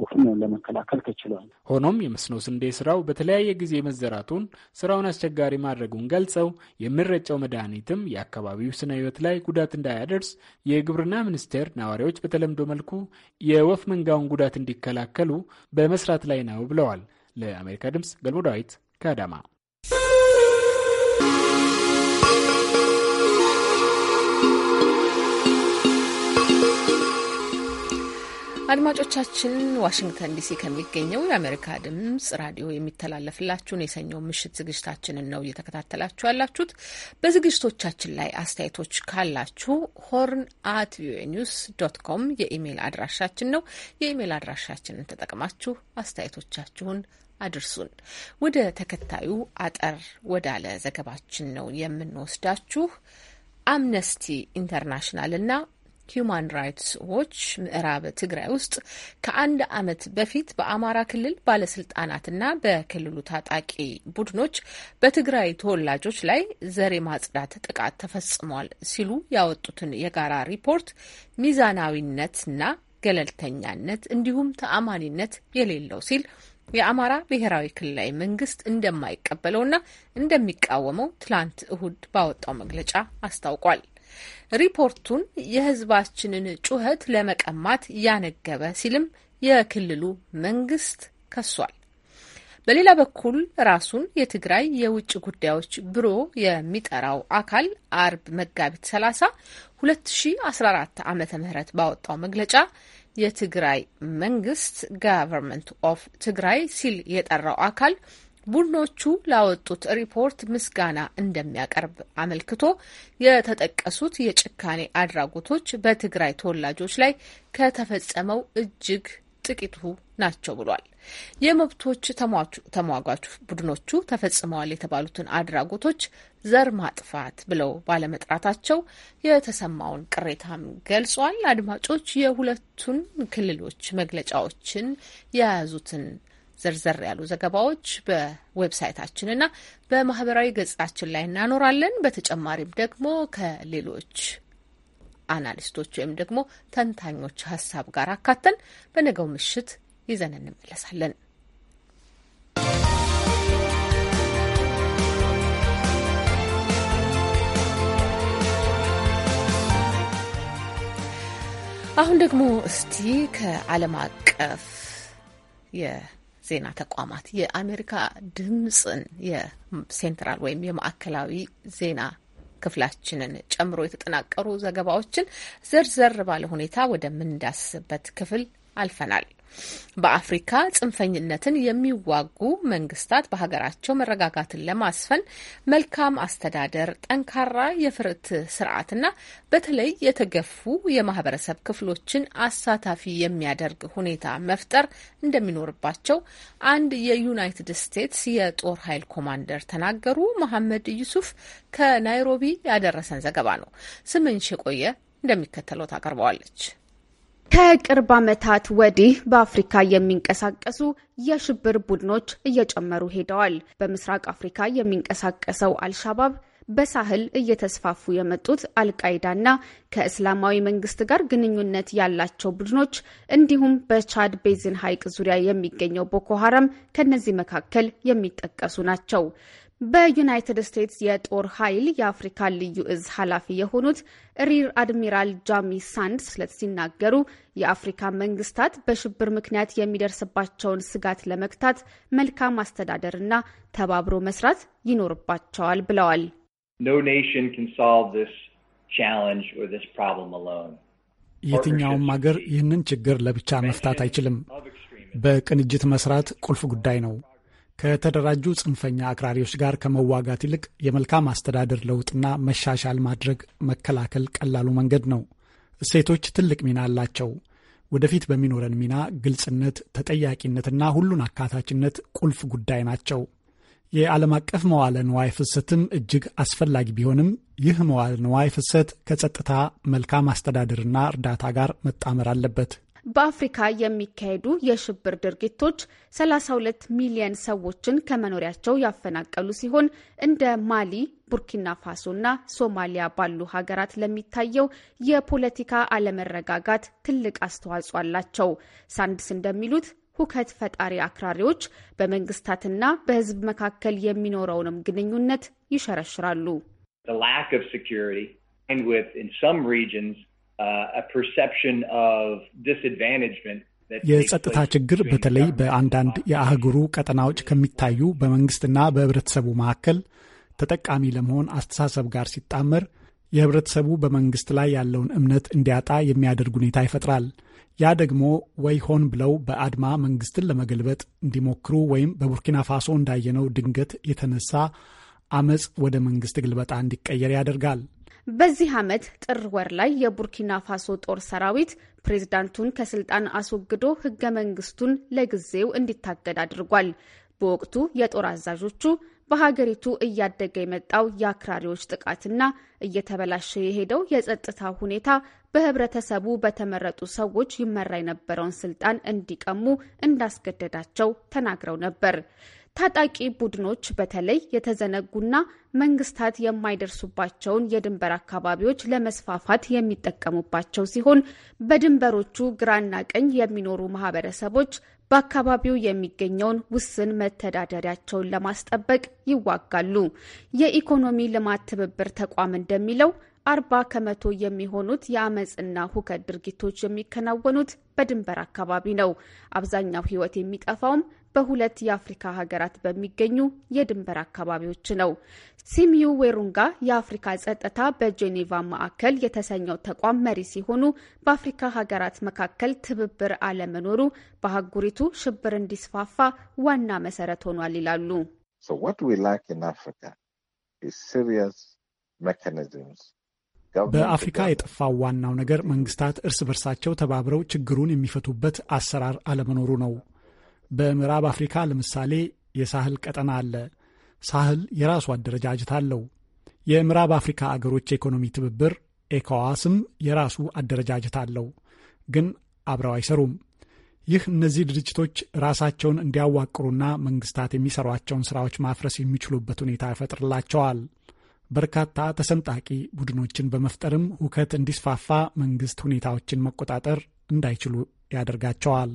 ወቅቱን ለመከላከል ተችሏል። ሆኖም የመስኖ ስንዴ ስራው በተለያየ ጊዜ መዘራቱን ስራውን አስቸጋሪ ማድረጉን ገልጸው የሚረጨው መድኃኒትም የአካባቢው ስነ ህይወት ላይ ጉዳት እንዳያደርስ የግብርና ሚኒስቴር ነዋሪዎች በተለምዶ መልኩ የወፍ መንጋውን ጉዳት እንዲከላከሉ በመስራት ላይ ነው ብለዋል። ለአሜሪካ ድምፅ ገልሞ ዳዊት ከአዳማ አድማጮቻችን ዋሽንግተን ዲሲ ከሚገኘው የአሜሪካ ድምጽ ራዲዮ የሚተላለፍላችሁን የሰኞው ምሽት ዝግጅታችንን ነው እየተከታተላችሁ ያላችሁት። በዝግጅቶቻችን ላይ አስተያየቶች ካላችሁ ሆርን አት ቪኦኤ ኒውስ ዶት ኮም የኢሜይል አድራሻችን ነው። የኢሜይል አድራሻችንን ተጠቅማችሁ አስተያየቶቻችሁን አድርሱን። ወደ ተከታዩ አጠር ወዳለ ዘገባችን ነው የምንወስዳችሁ። አምነስቲ ኢንተርናሽናል እና ሂዩማን ራይትስ ዎች ምዕራብ ትግራይ ውስጥ ከአንድ ዓመት በፊት በአማራ ክልል ባለስልጣናትና በክልሉ ታጣቂ ቡድኖች በትግራይ ተወላጆች ላይ ዘር ማጽዳት ጥቃት ተፈጽሟል ሲሉ ያወጡትን የጋራ ሪፖርት ሚዛናዊነትና ገለልተኛነት እንዲሁም ተአማኒነት የሌለው ሲል የአማራ ብሔራዊ ክልላዊ መንግስት እንደማይቀበለውና እንደሚቃወመው ትላንት እሁድ ባወጣው መግለጫ አስታውቋል። ሪፖርቱን የህዝባችንን ጩኸት ለመቀማት ያነገበ ሲልም የክልሉ መንግስት ከሷል። በሌላ በኩል ራሱን የትግራይ የውጭ ጉዳዮች ብሮ የሚጠራው አካል አርብ መጋቢት 30 2014 ዓ ም ባወጣው መግለጫ የትግራይ መንግስት ጋቨርንመንት ኦፍ ትግራይ ሲል የጠራው አካል ቡድኖቹ ላወጡት ሪፖርት ምስጋና እንደሚያቀርብ አመልክቶ የተጠቀሱት የጭካኔ አድራጎቶች በትግራይ ተወላጆች ላይ ከተፈጸመው እጅግ ጥቂቱ ናቸው ብሏል። የመብቶች ተሟጋቹ ቡድኖቹ ተፈጽመዋል የተባሉትን አድራጎቶች ዘር ማጥፋት ብለው ባለመጥራታቸው የተሰማውን ቅሬታም ገልጿል። አድማጮች የሁለቱን ክልሎች መግለጫዎችን የያዙትን ዘርዘር ያሉ ዘገባዎች በዌብሳይታችንና በማህበራዊ ገጻችን ላይ እናኖራለን። በተጨማሪም ደግሞ ከሌሎች አናሊስቶች ወይም ደግሞ ተንታኞች ሀሳብ ጋር አካተን በነገው ምሽት ይዘን እንመለሳለን። አሁን ደግሞ እስቲ ከዓለም አቀፍ ዜና ተቋማት የአሜሪካ ድምፅን የሴንትራል ወይም የማዕከላዊ ዜና ክፍላችንን ጨምሮ የተጠናቀሩ ዘገባዎችን ዘርዘር ባለ ሁኔታ ወደምንዳስበት ክፍል አልፈናል። በአፍሪካ ጽንፈኝነትን የሚዋጉ መንግስታት በሀገራቸው መረጋጋትን ለማስፈን መልካም አስተዳደር፣ ጠንካራ የፍትህ ስርዓትና በተለይ የተገፉ የማህበረሰብ ክፍሎችን አሳታፊ የሚያደርግ ሁኔታ መፍጠር እንደሚኖርባቸው አንድ የዩናይትድ ስቴትስ የጦር ኃይል ኮማንደር ተናገሩ። መሐመድ ዩሱፍ ከናይሮቢ ያደረሰን ዘገባ ነው። ስምንሽ የቆየ እንደሚከተለው ታቀርበዋለች። ከቅርብ ዓመታት ወዲህ በአፍሪካ የሚንቀሳቀሱ የሽብር ቡድኖች እየጨመሩ ሄደዋል። በምስራቅ አፍሪካ የሚንቀሳቀሰው አልሻባብ በሳህል እየተስፋፉ የመጡት አልቃይዳና ከእስላማዊ መንግስት ጋር ግንኙነት ያላቸው ቡድኖች እንዲሁም በቻድ ቤዝን ሐይቅ ዙሪያ የሚገኘው ቦኮ ሀራም ከነዚህ መካከል የሚጠቀሱ ናቸው። በዩናይትድ ስቴትስ የጦር ኃይል የአፍሪካ ልዩ እዝ ኃላፊ የሆኑት ሪር አድሚራል ጃሚ ስለት ሲናገሩ የአፍሪካ መንግስታት በሽብር ምክንያት የሚደርስባቸውን ስጋት ለመግታት መልካም አስተዳደርና ተባብሮ መስራት ይኖርባቸዋል ብለዋል። የትኛውም አገር ይህንን ችግር ለብቻ መፍታት አይችልም። በቅንጅት መስራት ቁልፍ ጉዳይ ነው። ከተደራጁ ጽንፈኛ አክራሪዎች ጋር ከመዋጋት ይልቅ የመልካም አስተዳደር ለውጥና መሻሻል ማድረግ መከላከል ቀላሉ መንገድ ነው። እሴቶች ትልቅ ሚና አላቸው። ወደፊት በሚኖረን ሚና ግልጽነት፣ ተጠያቂነትና ሁሉን አካታችነት ቁልፍ ጉዳይ ናቸው። የዓለም አቀፍ መዋለ ንዋይ ፍሰትም እጅግ አስፈላጊ ቢሆንም ይህ መዋለ ንዋይ ፍሰት ከጸጥታ መልካም አስተዳደርና እርዳታ ጋር መጣመር አለበት። በአፍሪካ የሚካሄዱ የሽብር ድርጊቶች 32 ሚሊየን ሰዎችን ከመኖሪያቸው ያፈናቀሉ ሲሆን እንደ ማሊ ቡርኪና ፋሶ እና ሶማሊያ ባሉ ሀገራት ለሚታየው የፖለቲካ አለመረጋጋት ትልቅ አስተዋጽኦ አላቸው። ሳንድስ እንደሚሉት ሁከት ፈጣሪ አክራሪዎች በመንግስታትና በሕዝብ መካከል የሚኖረውንም ግንኙነት ይሸረሽራሉ። Uh, የጸጥታ ችግር በተለይ በአንዳንድ የአህጉሩ ቀጠናዎች ከሚታዩ በመንግስትና በህብረተሰቡ መካከል ተጠቃሚ ለመሆን አስተሳሰብ ጋር ሲጣመር የህብረተሰቡ በመንግስት ላይ ያለውን እምነት እንዲያጣ የሚያደርግ ሁኔታ ይፈጥራል። ያ ደግሞ ወይ ሆን ብለው በአድማ መንግስትን ለመገልበጥ እንዲሞክሩ ወይም በቡርኪና ፋሶ እንዳየነው ድንገት የተነሳ አመፅ ወደ መንግስት ግልበጣ እንዲቀየር ያደርጋል። በዚህ ዓመት ጥር ወር ላይ የቡርኪና ፋሶ ጦር ሰራዊት ፕሬዝዳንቱን ከስልጣን አስወግዶ ህገ መንግስቱን ለጊዜው እንዲታገድ አድርጓል። በወቅቱ የጦር አዛዦቹ በሀገሪቱ እያደገ የመጣው የአክራሪዎች ጥቃትና እየተበላሸ የሄደው የጸጥታ ሁኔታ በህብረተሰቡ በተመረጡ ሰዎች ይመራ የነበረውን ስልጣን እንዲቀሙ እንዳስገደዳቸው ተናግረው ነበር። ታጣቂ ቡድኖች በተለይ የተዘነጉና መንግስታት የማይደርሱባቸውን የድንበር አካባቢዎች ለመስፋፋት የሚጠቀሙባቸው ሲሆን በድንበሮቹ ግራና ቀኝ የሚኖሩ ማህበረሰቦች በአካባቢው የሚገኘውን ውስን መተዳደሪያቸውን ለማስጠበቅ ይዋጋሉ። የኢኮኖሚ ልማት ትብብር ተቋም እንደሚለው አርባ ከመቶ የሚሆኑት የአመፅና ሁከት ድርጊቶች የሚከናወኑት በድንበር አካባቢ ነው። አብዛኛው ህይወት የሚጠፋውም በሁለት የአፍሪካ ሀገራት በሚገኙ የድንበር አካባቢዎች ነው። ሲሚዩ ዌሩንጋ የአፍሪካ ጸጥታ በጄኔቫ ማዕከል የተሰኘው ተቋም መሪ ሲሆኑ በአፍሪካ ሀገራት መካከል ትብብር አለመኖሩ በአህጉሪቱ ሽብር እንዲስፋፋ ዋና መሰረት ሆኗል ይላሉ። በአፍሪካ የጠፋው ዋናው ነገር መንግስታት እርስ በርሳቸው ተባብረው ችግሩን የሚፈቱበት አሰራር አለመኖሩ ነው። በምዕራብ አፍሪካ ለምሳሌ የሳህል ቀጠና አለ። ሳህል የራሱ አደረጃጀት አለው። የምዕራብ አፍሪካ አገሮች የኢኮኖሚ ትብብር ኤኮዋስም የራሱ አደረጃጀት አለው፣ ግን አብረው አይሰሩም። ይህ እነዚህ ድርጅቶች ራሳቸውን እንዲያዋቅሩና መንግስታት የሚሰሯቸውን ስራዎች ማፍረስ የሚችሉበት ሁኔታ ይፈጥርላቸዋል። በርካታ ተሰንጣቂ ቡድኖችን በመፍጠርም ሁከት እንዲስፋፋ መንግስት ሁኔታዎችን መቆጣጠር እንዳይችሉ ያደርጋቸዋል።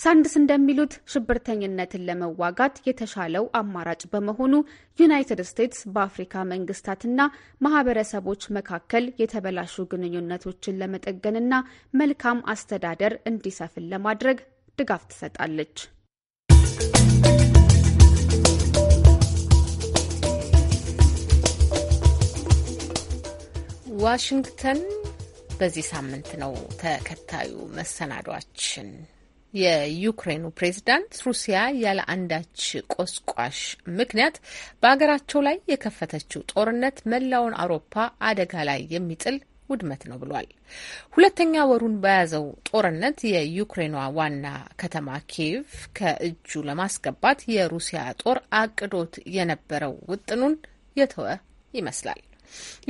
ሳንድስ እንደሚሉት ሽብርተኝነትን ለመዋጋት የተሻለው አማራጭ በመሆኑ ዩናይትድ ስቴትስ በአፍሪካ መንግስታትና ማህበረሰቦች መካከል የተበላሹ ግንኙነቶችን ለመጠገንና መልካም አስተዳደር እንዲሰፍን ለማድረግ ድጋፍ ትሰጣለች። ዋሽንግተን በዚህ ሳምንት ነው ተከታዩ መሰናዷችን። የዩክሬኑ ፕሬዝዳንት ሩሲያ ያለ አንዳች ቆስቋሽ ምክንያት በሀገራቸው ላይ የከፈተችው ጦርነት መላውን አውሮፓ አደጋ ላይ የሚጥል ውድመት ነው ብሏል። ሁለተኛ ወሩን በያዘው ጦርነት የዩክሬኗ ዋና ከተማ ኪየቭ ከእጁ ለማስገባት የሩሲያ ጦር አቅዶት የነበረው ውጥኑን የተወ ይመስላል።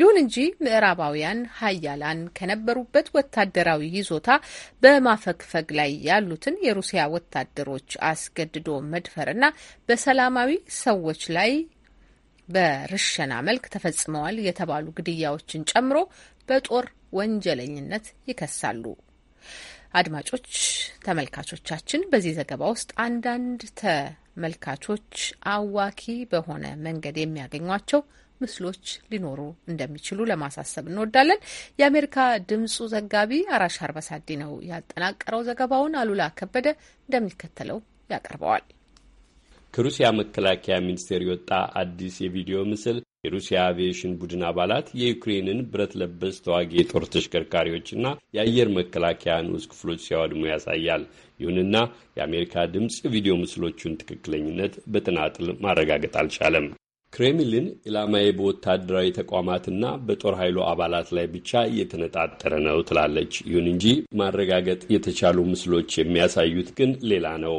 ይሁን እንጂ ምዕራባውያን ሀያላን ከነበሩበት ወታደራዊ ይዞታ በማፈግፈግ ላይ ያሉትን የሩሲያ ወታደሮች አስገድዶ መድፈርና በሰላማዊ ሰዎች ላይ በርሸና መልክ ተፈጽመዋል የተባሉ ግድያዎችን ጨምሮ በጦር ወንጀለኝነት ይከሳሉ። አድማጮች፣ ተመልካቾቻችን በዚህ ዘገባ ውስጥ አንዳንድ ተመልካቾች አዋኪ በሆነ መንገድ የሚያገኟቸው ምስሎች ሊኖሩ እንደሚችሉ ለማሳሰብ እንወዳለን። የአሜሪካ ድምጹ ዘጋቢ አራሽ አርበሳዲ ነው ያጠናቀረው ዘገባውን። አሉላ ከበደ እንደሚከተለው ያቀርበዋል። ከሩሲያ መከላከያ ሚኒስቴር የወጣ አዲስ የቪዲዮ ምስል የሩሲያ አቪዬሽን ቡድን አባላት የዩክሬንን ብረት ለበስ ተዋጊ የጦር ተሽከርካሪዎችና የአየር መከላከያ ንዑስ ክፍሎች ሲያወድሙ ያሳያል። ይሁንና የአሜሪካ ድምፅ ቪዲዮ ምስሎቹን ትክክለኝነት በተናጥል ማረጋገጥ አልቻለም። ክሬምሊን ኢላማዬ በወታደራዊ ተቋማትና በጦር ኃይሉ አባላት ላይ ብቻ እየተነጣጠረ ነው ትላለች። ይሁን እንጂ ማረጋገጥ የተቻሉ ምስሎች የሚያሳዩት ግን ሌላ ነው።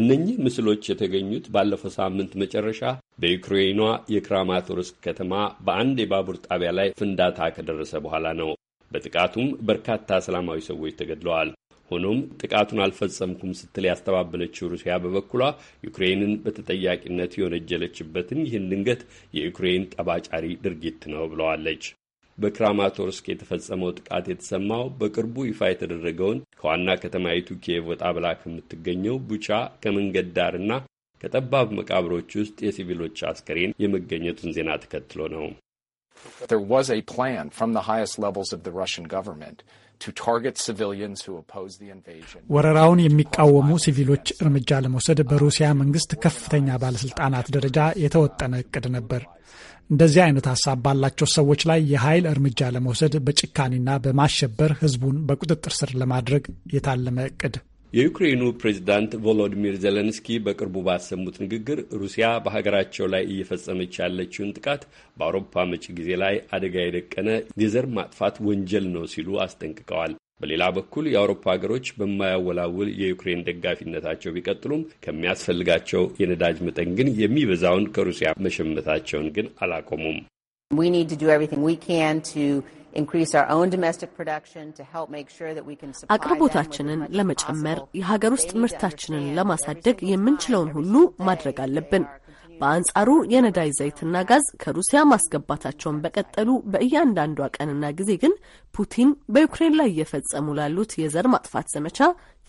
እነኚህ ምስሎች የተገኙት ባለፈው ሳምንት መጨረሻ በዩክሬኗ የክራማቶርስክ ከተማ በአንድ የባቡር ጣቢያ ላይ ፍንዳታ ከደረሰ በኋላ ነው። በጥቃቱም በርካታ ሰላማዊ ሰዎች ተገድለዋል። ሆኖም ጥቃቱን አልፈጸምኩም ስትል ያስተባበለችው ሩሲያ በበኩሏ ዩክሬንን በተጠያቂነት የወነጀለችበትን ይህን ድንገት የዩክሬን ጠባጫሪ ድርጊት ነው ብለዋለች። በክራማቶርስክ የተፈጸመው ጥቃት የተሰማው በቅርቡ ይፋ የተደረገውን ከዋና ከተማይቱ ኪየቭ ወጣ ብላ ከምትገኘው ቡቻ ከመንገድ ዳርና ከጠባብ መቃብሮች ውስጥ የሲቪሎች አስከሬን የመገኘቱን ዜና ተከትሎ ነው። There was a plan from the highest levels of the Russian government ወረራውን የሚቃወሙ ሲቪሎች እርምጃ ለመውሰድ በሩሲያ መንግስት ከፍተኛ ባለስልጣናት ደረጃ የተወጠነ እቅድ ነበር። እንደዚህ አይነት ሀሳብ ባላቸው ሰዎች ላይ የኃይል እርምጃ ለመውሰድ በጭካኔና በማሸበር ህዝቡን በቁጥጥር ስር ለማድረግ የታለመ እቅድ የዩክሬኑ ፕሬዚዳንት ቮሎዲሚር ዜሌንስኪ በቅርቡ ባሰሙት ንግግር ሩሲያ በሀገራቸው ላይ እየፈጸመች ያለችውን ጥቃት በአውሮፓ መጪ ጊዜ ላይ አደጋ የደቀነ የዘር ማጥፋት ወንጀል ነው ሲሉ አስጠንቅቀዋል። በሌላ በኩል የአውሮፓ ሀገሮች በማያወላውል የዩክሬን ደጋፊነታቸው ቢቀጥሉም ከሚያስፈልጋቸው የነዳጅ መጠን ግን የሚበዛውን ከሩሲያ መሸመታቸውን ግን አላቆሙም። አቅርቦታችንን ለመጨመር የሀገር ውስጥ ምርታችንን ለማሳደግ የምንችለውን ሁሉ ማድረግ አለብን። በአንጻሩ የነዳጅ ዘይትና ጋዝ ከሩሲያ ማስገባታቸውን በቀጠሉ በእያንዳንዷ ቀንና ጊዜ ግን ፑቲን በዩክሬን ላይ እየፈጸሙ ላሉት የዘር ማጥፋት ዘመቻ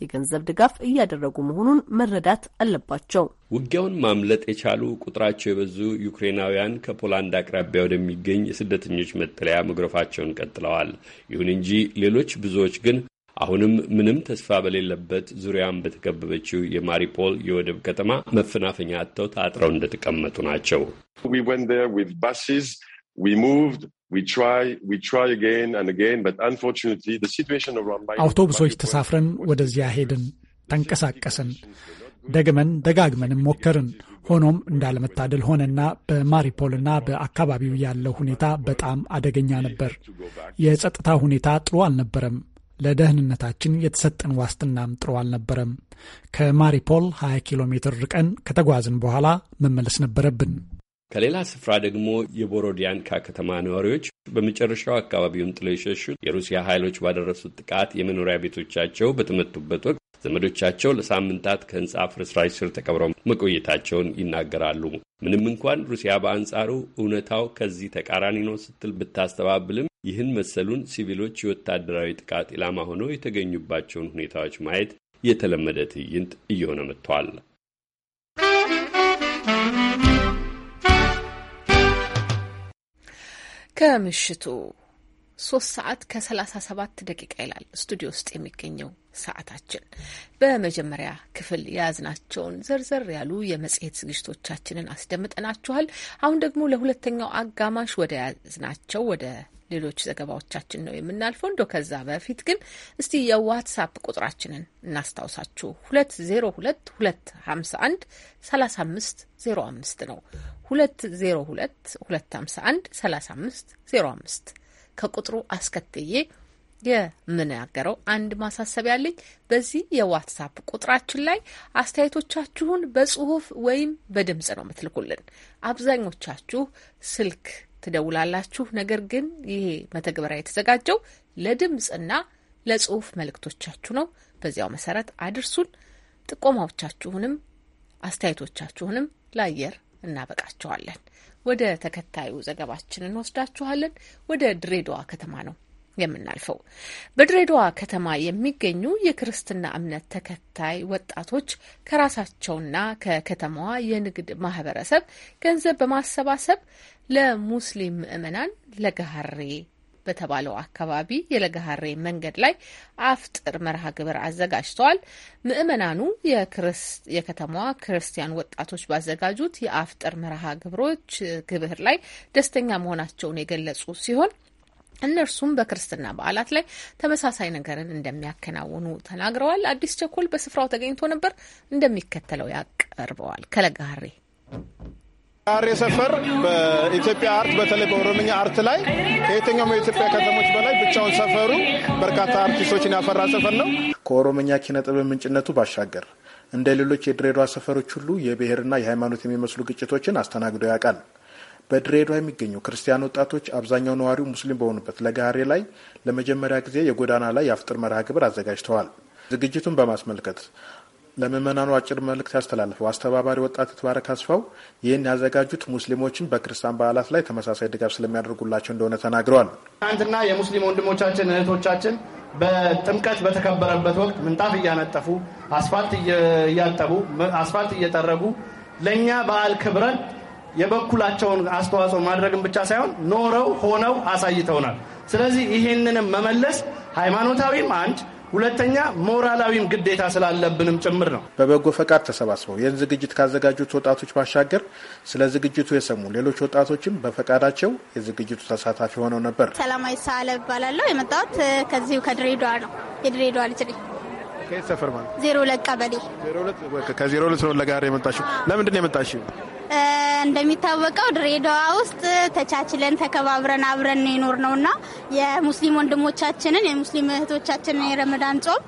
የገንዘብ ድጋፍ እያደረጉ መሆኑን መረዳት አለባቸው። ውጊያውን ማምለጥ የቻሉ ቁጥራቸው የበዙ ዩክሬናውያን ከፖላንድ አቅራቢያ ወደሚገኝ የስደተኞች መጠለያ መግረፋቸውን ቀጥለዋል። ይሁን እንጂ ሌሎች ብዙዎች ግን አሁንም ምንም ተስፋ በሌለበት ዙሪያን በተከበበችው የማሪፖል የወደብ ከተማ መፈናፈኛ አጥተው ታጥረው እንደተቀመጡ ናቸው። አውቶቡሶች ተሳፍረን ወደዚያ ሄድን፣ ተንቀሳቀስን፣ ደግመን ደጋግመንም ሞከርን። ሆኖም እንዳለመታደል ሆነና በማሪፖልና በአካባቢው ያለው ሁኔታ በጣም አደገኛ ነበር። የጸጥታ ሁኔታ ጥሩ አልነበረም። ለደህንነታችን የተሰጠን ዋስትናም ጥሩ አልነበረም። ከማሪፖል 20 ኪሎ ሜትር ርቀን ከተጓዝን በኋላ መመለስ ነበረብን። ከሌላ ስፍራ ደግሞ የቦሮዲያንካ ከተማ ነዋሪዎች በመጨረሻው አካባቢውን ጥለው የሸሹት የሩሲያ ኃይሎች ባደረሱት ጥቃት የመኖሪያ ቤቶቻቸው በተመቱበት ወቅት ዘመዶቻቸው ለሳምንታት ከህንፃ ፍርስራሽ ስር ተቀብረው መቆየታቸውን ይናገራሉ። ምንም እንኳን ሩሲያ በአንጻሩ እውነታው ከዚህ ተቃራኒ ነው ስትል ብታስተባብልም ይህን መሰሉን ሲቪሎች የወታደራዊ ጥቃት ኢላማ ሆነው የተገኙባቸውን ሁኔታዎች ማየት የተለመደ ትዕይንት እየሆነ መጥቷል። ከምሽቱ ሶስት ሰዓት ከሰላሳ ሰባት ደቂቃ ይላል ስቱዲዮ ውስጥ የሚገኘው ሰዓታችን። በመጀመሪያ ክፍል የያዝናቸውን ዘርዘር ያሉ የመጽሔት ዝግጅቶቻችንን አስደምጠናችኋል። አሁን ደግሞ ለሁለተኛው አጋማሽ ወደ ያዝናቸው ወደ ሌሎች ዘገባዎቻችን ነው የምናልፈው። እንዶ ከዛ በፊት ግን እስቲ የዋትሳፕ ቁጥራችንን እናስታውሳችሁ። ሁለት ዜሮ ሁለት ሁለት ሀምሳ አንድ ሰላሳ አምስት ዜሮ አምስት ነው። ሁለት ዜሮ ሁለት ሁለት ሀምሳ አንድ ሰላሳ አምስት ዜሮ አምስት ከቁጥሩ አስከትዬ የምናገረው አንድ ማሳሰቢያ አለኝ። በዚህ የዋትሳፕ ቁጥራችን ላይ አስተያየቶቻችሁን በጽሁፍ ወይም በድምጽ ነው የምትልኩልን። አብዛኞቻችሁ ስልክ ትደውላላችሁ። ነገር ግን ይሄ መተግበሪያ የተዘጋጀው ለድምፅና ለጽሁፍ መልእክቶቻችሁ ነው። በዚያው መሰረት አድርሱን። ጥቆማዎቻችሁንም አስተያየቶቻችሁንም ለአየር እናበቃቸዋለን። ወደ ተከታዩ ዘገባችን እንወስዳችኋለን። ወደ ድሬዳዋ ከተማ ነው የምናልፈው። በድሬዳዋ ከተማ የሚገኙ የክርስትና እምነት ተከታይ ወጣቶች ከራሳቸውና ከከተማዋ የንግድ ማህበረሰብ ገንዘብ በማሰባሰብ ለሙስሊም ምዕመናን ለገሀሬ በተባለው አካባቢ የለገሀሬ መንገድ ላይ አፍጥር መርሃ ግብር አዘጋጅተዋል። ምእመናኑ የከተማዋ ክርስቲያን ወጣቶች ባዘጋጁት የአፍጥር መርሃ ግብሮች ግብር ላይ ደስተኛ መሆናቸውን የገለጹ ሲሆን እነርሱም በክርስትና በዓላት ላይ ተመሳሳይ ነገርን እንደሚያከናውኑ ተናግረዋል። አዲስ ቸኮል በስፍራው ተገኝቶ ነበር፣ እንደሚከተለው ያቀርበዋል። ከለገሀሬ አሬ ሰፈር በኢትዮጵያ አርት በተለይ በኦሮምኛ አርት ላይ ከየትኛውም የኢትዮጵያ ከተሞች በላይ ብቻውን ሰፈሩ በርካታ አርቲስቶችን ያፈራ ሰፈር ነው። ከኦሮምኛ ኪነ ጥበብ ምንጭነቱ ባሻገር እንደ ሌሎች የድሬዳዋ ሰፈሮች ሁሉ የብሔርና የሃይማኖት የሚመስሉ ግጭቶችን አስተናግዶ ያውቃል። በድሬዳዋ የሚገኙ ክርስቲያን ወጣቶች አብዛኛው ነዋሪው ሙስሊም በሆኑበት ለጋሬ ላይ ለመጀመሪያ ጊዜ የጎዳና ላይ የአፍጥር መርሃ ግብር አዘጋጅተዋል። ዝግጅቱን በማስመልከት ለምዕመናኑ አጭር መልእክት ያስተላልፈው አስተባባሪ ወጣት ተባረክ አስፋው ይህን ያዘጋጁት ሙስሊሞችን በክርስቲያን በዓላት ላይ ተመሳሳይ ድጋፍ ስለሚያደርጉላቸው እንደሆነ ተናግረዋል። ትናንትና የሙስሊም ወንድሞቻችን እህቶቻችን በጥምቀት በተከበረበት ወቅት ምንጣፍ እያነጠፉ አስፋልት እያጠቡ አስፋልት እየጠረጉ ለእኛ በዓል ክብረን የበኩላቸውን አስተዋጽኦ ማድረግን ብቻ ሳይሆን ኖረው ሆነው አሳይተውናል። ስለዚህ ይህንንም መመለስ ሃይማኖታዊም አንድ ሁለተኛ ሞራላዊም ግዴታ ስላለብንም ጭምር ነው። በበጎ ፈቃድ ተሰባስበው ይህን ዝግጅት ካዘጋጁት ወጣቶች ባሻገር ስለ ዝግጅቱ የሰሙ ሌሎች ወጣቶችም በፈቃዳቸው የዝግጅቱ ተሳታፊ ሆነው ነበር። ሰላማዊ ሳለ ይባላለሁ። የመጣሁት ከዚሁ ከድሬዳዋ ነው። የድሬዳዋ ልጅ ነኝ። ሰፈር ማለት ዜሮ ሁለት ቀበሌ ከዜሮ ሁለት ነው። ለጋር የመጣሽው ለምንድን ነው የመጣሽው? እንደሚታወቀው ድሬዳዋ ውስጥ ተቻችለን ተከባብረን አብረን የኖር ነው እና የሙስሊም ወንድሞቻችንን የሙስሊም እህቶቻችንን የረመዳን ጾም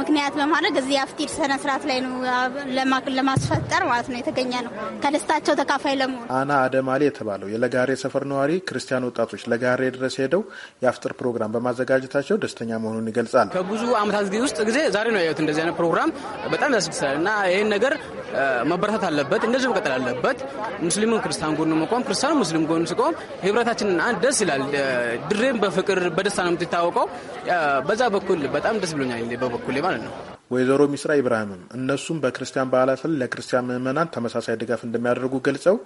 ምክንያት በማድረግ እዚህ የአፍጢር ስነ ስርዓት ላይ ነው ለማስፈጠር ማለት ነው የተገኘ ነው ከደስታቸው ተካፋይ ለመሆን። አና አደማሌ የተባለው የለጋሬ ሰፈር ነዋሪ ክርስቲያን ወጣቶች ለጋሬ ድረስ ሄደው የአፍጥር ፕሮግራም በማዘጋጀታቸው ደስተኛ መሆኑን ይገልጻል። ከብዙ ዓመታት ጊዜ ውስጥ ጊዜ ዛሬ ነው ያዩት እንደዚህ አይነት ፕሮግራም በጣም ያስደስታል እና ይህን ነገር መበረታት አለበት፣ እንደዚህ መቀጠል አለበት። አለበት። ሙስሊሙን ክርስቲያን ጎኑ መቆም፣ ክርስቲያን ሙስሊም ጎኑ ሲቆም ህብረታችንን አንድ ደስ ይላል። ድሬም በፍቅር በደስታ ነው የምትታወቀው። በዛ በኩል በጣም ደስ ብሎኛል፣ በበኩሌ ማለት ነው። ወይዘሮ ሚስራ ኢብራሂምም እነሱም በክርስቲያን በዓላት ለክርስቲያን ምዕመናን ተመሳሳይ ድጋፍ እንደሚያደርጉ ገልጸው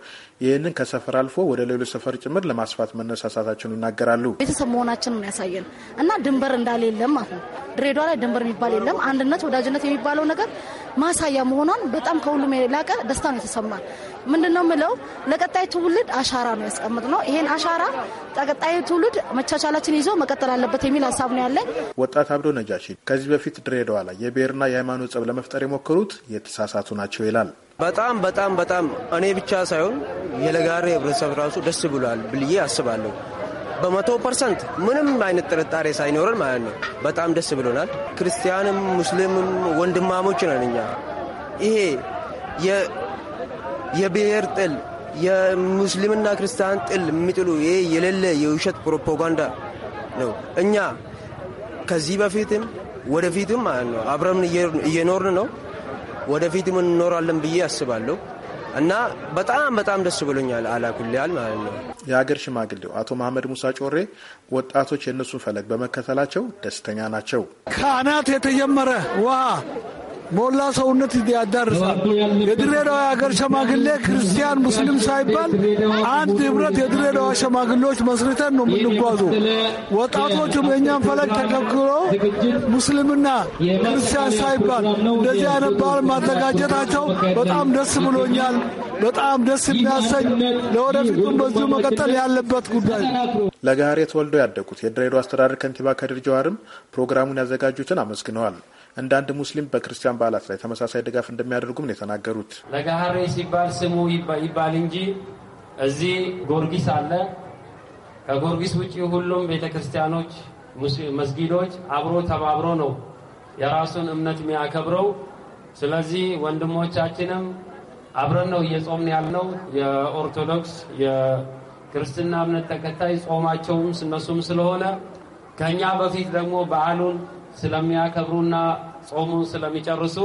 ይህንን ከሰፈር አልፎ ወደ ሌሎች ሰፈር ጭምር ለማስፋት መነሳሳታቸውን ይናገራሉ። ቤተሰብ መሆናችን ያሳየን እና ድንበር እንዳለ የለም። አሁን ድሬዳዋ ላይ ድንበር የሚባል የለም። አንድነት፣ ወዳጅነት የሚባለው ነገር ማሳያ መሆኗን በጣም ከሁሉም የላቀ ደስታ ነው የተሰማል። ምንድን ነው የምለው ለቀጣይ ትውልድ አሻራ ነው ያስቀምጥ ነው። ይሄን አሻራ ቀጣይ ትውልድ መቻቻላችን ይዞ መቀጠል አለበት የሚል ሀሳብ ነው ያለን። ወጣት አብዶ ነጃሺ ከዚህ በፊት ድሬዳዋ ላይ የብሔርና የሃይማኖት ጸብ ለመፍጠር የሞከሩት የተሳሳቱ ናቸው ይላል። በጣም በጣም በጣም እኔ ብቻ ሳይሆን የለጋሪ ህብረተሰብ ራሱ ደስ ብሏል ብልዬ አስባለሁ። በመቶ ፐርሰንት ምንም አይነት ጥርጣሬ ሳይኖረን ማለት ነው። በጣም ደስ ብሎናል። ክርስቲያንም ሙስሊምም ወንድማሞች ነን እኛ ይሄ የብሔር ጥል፣ የሙስሊምና ክርስቲያን ጥል የሚጥሉ ይሄ የሌለ የውሸት ፕሮፓጋንዳ ነው። እኛ ከዚህ በፊትም ወደፊትም ማለት ነው አብረን እየኖርን ነው፣ ወደፊትም እንኖራለን ብዬ አስባለሁ። እና በጣም በጣም ደስ ብሎኛል። አላኩልያል ማለት ነው። የሀገር ሽማግሌው አቶ መሀመድ ሙሳ ጮሬ ወጣቶች የእነሱን ፈለግ በመከተላቸው ደስተኛ ናቸው። ከአናት የተጀመረ ውሃ ሞላ ሰውነት ያዳርሳል። የድሬዳዋ የሀገር ሸማግሌ ክርስቲያን፣ ሙስሊም ሳይባል አንድ ህብረት የድሬዳዋ ሸማግሌዎች መስርተን ነው የምንጓዙ። ወጣቶቹም የእኛን ፈለግ ተከክሎ ሙስሊምና ክርስቲያን ሳይባል እንደዚህ አይነት በዓል ማዘጋጀታቸው በጣም ደስ ብሎኛል። በጣም ደስ የሚያሰኝ ለወደፊቱም በዚሁ መቀጠል ያለበት ጉዳይ። ለጋሬ ተወልደው ያደጉት የድሬዳዋ አስተዳደር ከንቲባ ከድር ጀዋርም ፕሮግራሙን ያዘጋጁትን አመስግነዋል። እንዳንድ ሙስሊም በክርስቲያን በዓላት ላይ ተመሳሳይ ድጋፍ እንደሚያደርጉም ነው የተናገሩት። ለጋሃሬ ሲባል ስሙ ይባል እንጂ እዚህ ጎርጊስ አለ። ከጎርጊስ ውጭ ሁሉም ቤተ ክርስቲያኖች፣ መስጊዶች አብሮ ተባብሮ ነው የራሱን እምነት የሚያከብረው። ስለዚህ ወንድሞቻችንም አብረን ነው እየጾምን ያልነው። የኦርቶዶክስ የክርስትና እምነት ተከታይ ጾማቸውም እነሱም ስለሆነ ከእኛ በፊት ደግሞ በዓሉን ስለሚያከብሩና ጾሙን ስለሚጨርሱ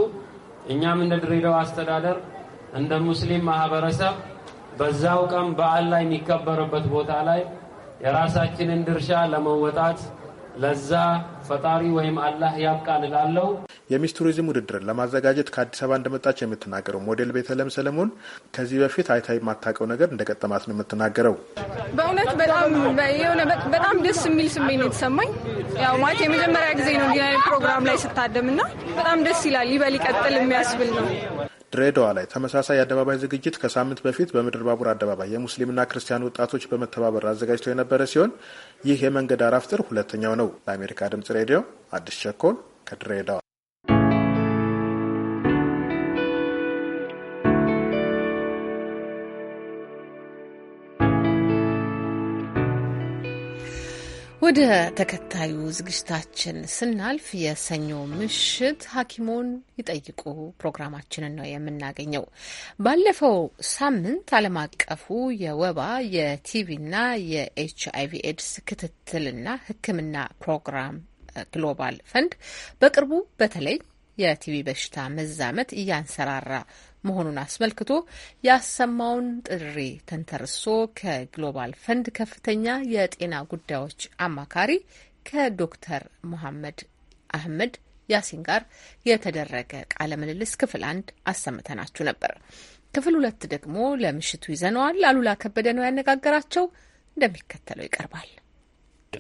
እኛም እንደ ድሬዳዋ አስተዳደር እንደ ሙስሊም ማህበረሰብ በዛው ቀን በዓል ላይ የሚከበርበት ቦታ ላይ የራሳችንን ድርሻ ለመወጣት ለዛ ፈጣሪ ወይም አላህ ያብቃን እላለሁ። የሚስ ቱሪዝም ውድድርን ለማዘጋጀት ከአዲስ አበባ እንደመጣች የምትናገረው ሞዴል ቤተለም ሰለሞን ከዚህ በፊት አይታ የማታውቀው ነገር እንደገጠማት ነው የምትናገረው። በእውነት በጣም ደስ የሚል ስሜት ነው የተሰማኝ። ያው ማለት የመጀመሪያ ጊዜ ነው ፕሮግራም ላይ ስታደም እና በጣም ደስ ይላል። ይበል ይቀጥል የሚያስብል ነው። ድሬዳዋ ላይ ተመሳሳይ የአደባባይ ዝግጅት ከሳምንት በፊት በምድር ባቡር አደባባይ የሙስሊምና ክርስቲያን ወጣቶች በመተባበር አዘጋጅተው የነበረ ሲሆን ይህ የመንገድ አራፍጥር ሁለተኛው ነው። ለአሜሪካ ድምጽ ሬዲዮ አዲስ ቸኮል ከድሬዳዋ። ወደ ተከታዩ ዝግጅታችን ስናልፍ የሰኞ ምሽት ሐኪሞን ይጠይቁ ፕሮግራማችንን ነው የምናገኘው። ባለፈው ሳምንት ዓለም አቀፉ የወባ የቲቪና የኤች አይቪ ኤድስ ክትትልና ሕክምና ፕሮግራም ግሎባል ፈንድ በቅርቡ በተለይ የቲቪ በሽታ መዛመት እያንሰራራ መሆኑን አስመልክቶ ያሰማውን ጥሪ ተንተርሶ ከግሎባል ፈንድ ከፍተኛ የጤና ጉዳዮች አማካሪ ከዶክተር መሐመድ አህመድ ያሲን ጋር የተደረገ ቃለ ምልልስ ክፍል አንድ አሰምተናችሁ ነበር። ክፍል ሁለት ደግሞ ለምሽቱ ይዘነዋል። አሉላ ከበደ ነው ያነጋገራቸው፣ እንደሚከተለው ይቀርባል።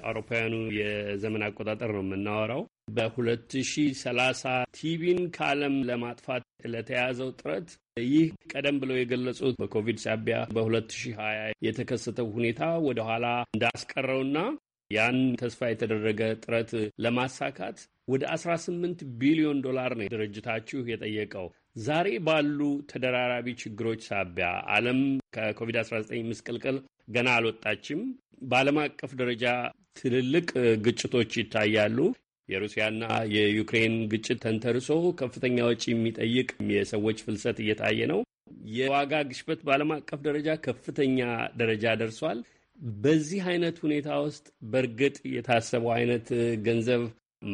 አውሮፓውያኑ የዘመን አቆጣጠር ነው የምናወራው። በ2030 ቲቪን ከዓለም ለማጥፋት ለተያዘው ጥረት ይህ ቀደም ብለው የገለጹት በኮቪድ ሳቢያ በ2020 የተከሰተው ሁኔታ ወደኋላ እንዳስቀረውና ያን ተስፋ የተደረገ ጥረት ለማሳካት ወደ 18 ቢሊዮን ዶላር ነው ድርጅታችሁ የጠየቀው። ዛሬ ባሉ ተደራራቢ ችግሮች ሳቢያ ዓለም ከኮቪድ-19 ምስቅልቅል ገና አልወጣችም። በዓለም አቀፍ ደረጃ ትልልቅ ግጭቶች ይታያሉ። የሩሲያና የዩክሬን ግጭት ተንተርሶ ከፍተኛ ወጪ የሚጠይቅ የሰዎች ፍልሰት እየታየ ነው። የዋጋ ግሽበት በዓለም አቀፍ ደረጃ ከፍተኛ ደረጃ ደርሷል። በዚህ አይነት ሁኔታ ውስጥ በእርግጥ የታሰበው አይነት ገንዘብ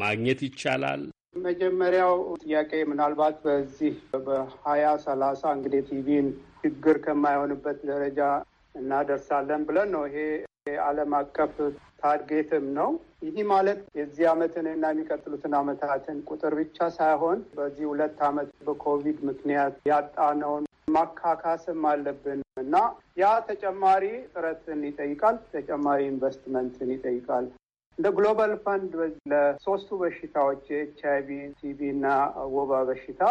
ማግኘት ይቻላል? መጀመሪያው ጥያቄ ምናልባት በዚህ በሀያ ሰላሳ እንግዲህ ቲቪን ችግር ከማይሆንበት ደረጃ እናደርሳለን ብለን ነው ይሄ የዓለም አቀፍ ታርጌትም ነው። ይህ ማለት የዚህ ዓመትን እና የሚቀጥሉትን ዓመታትን ቁጥር ብቻ ሳይሆን በዚህ ሁለት ዓመት በኮቪድ ምክንያት ያጣነውን ማካካስም አለብን እና ያ ተጨማሪ ጥረትን ይጠይቃል፣ ተጨማሪ ኢንቨስትመንትን ይጠይቃል። እንደ ግሎባል ፈንድ ለሶስቱ በሽታዎች የኤች አይ ቪ፣ ቲቪ እና ወባ በሽታ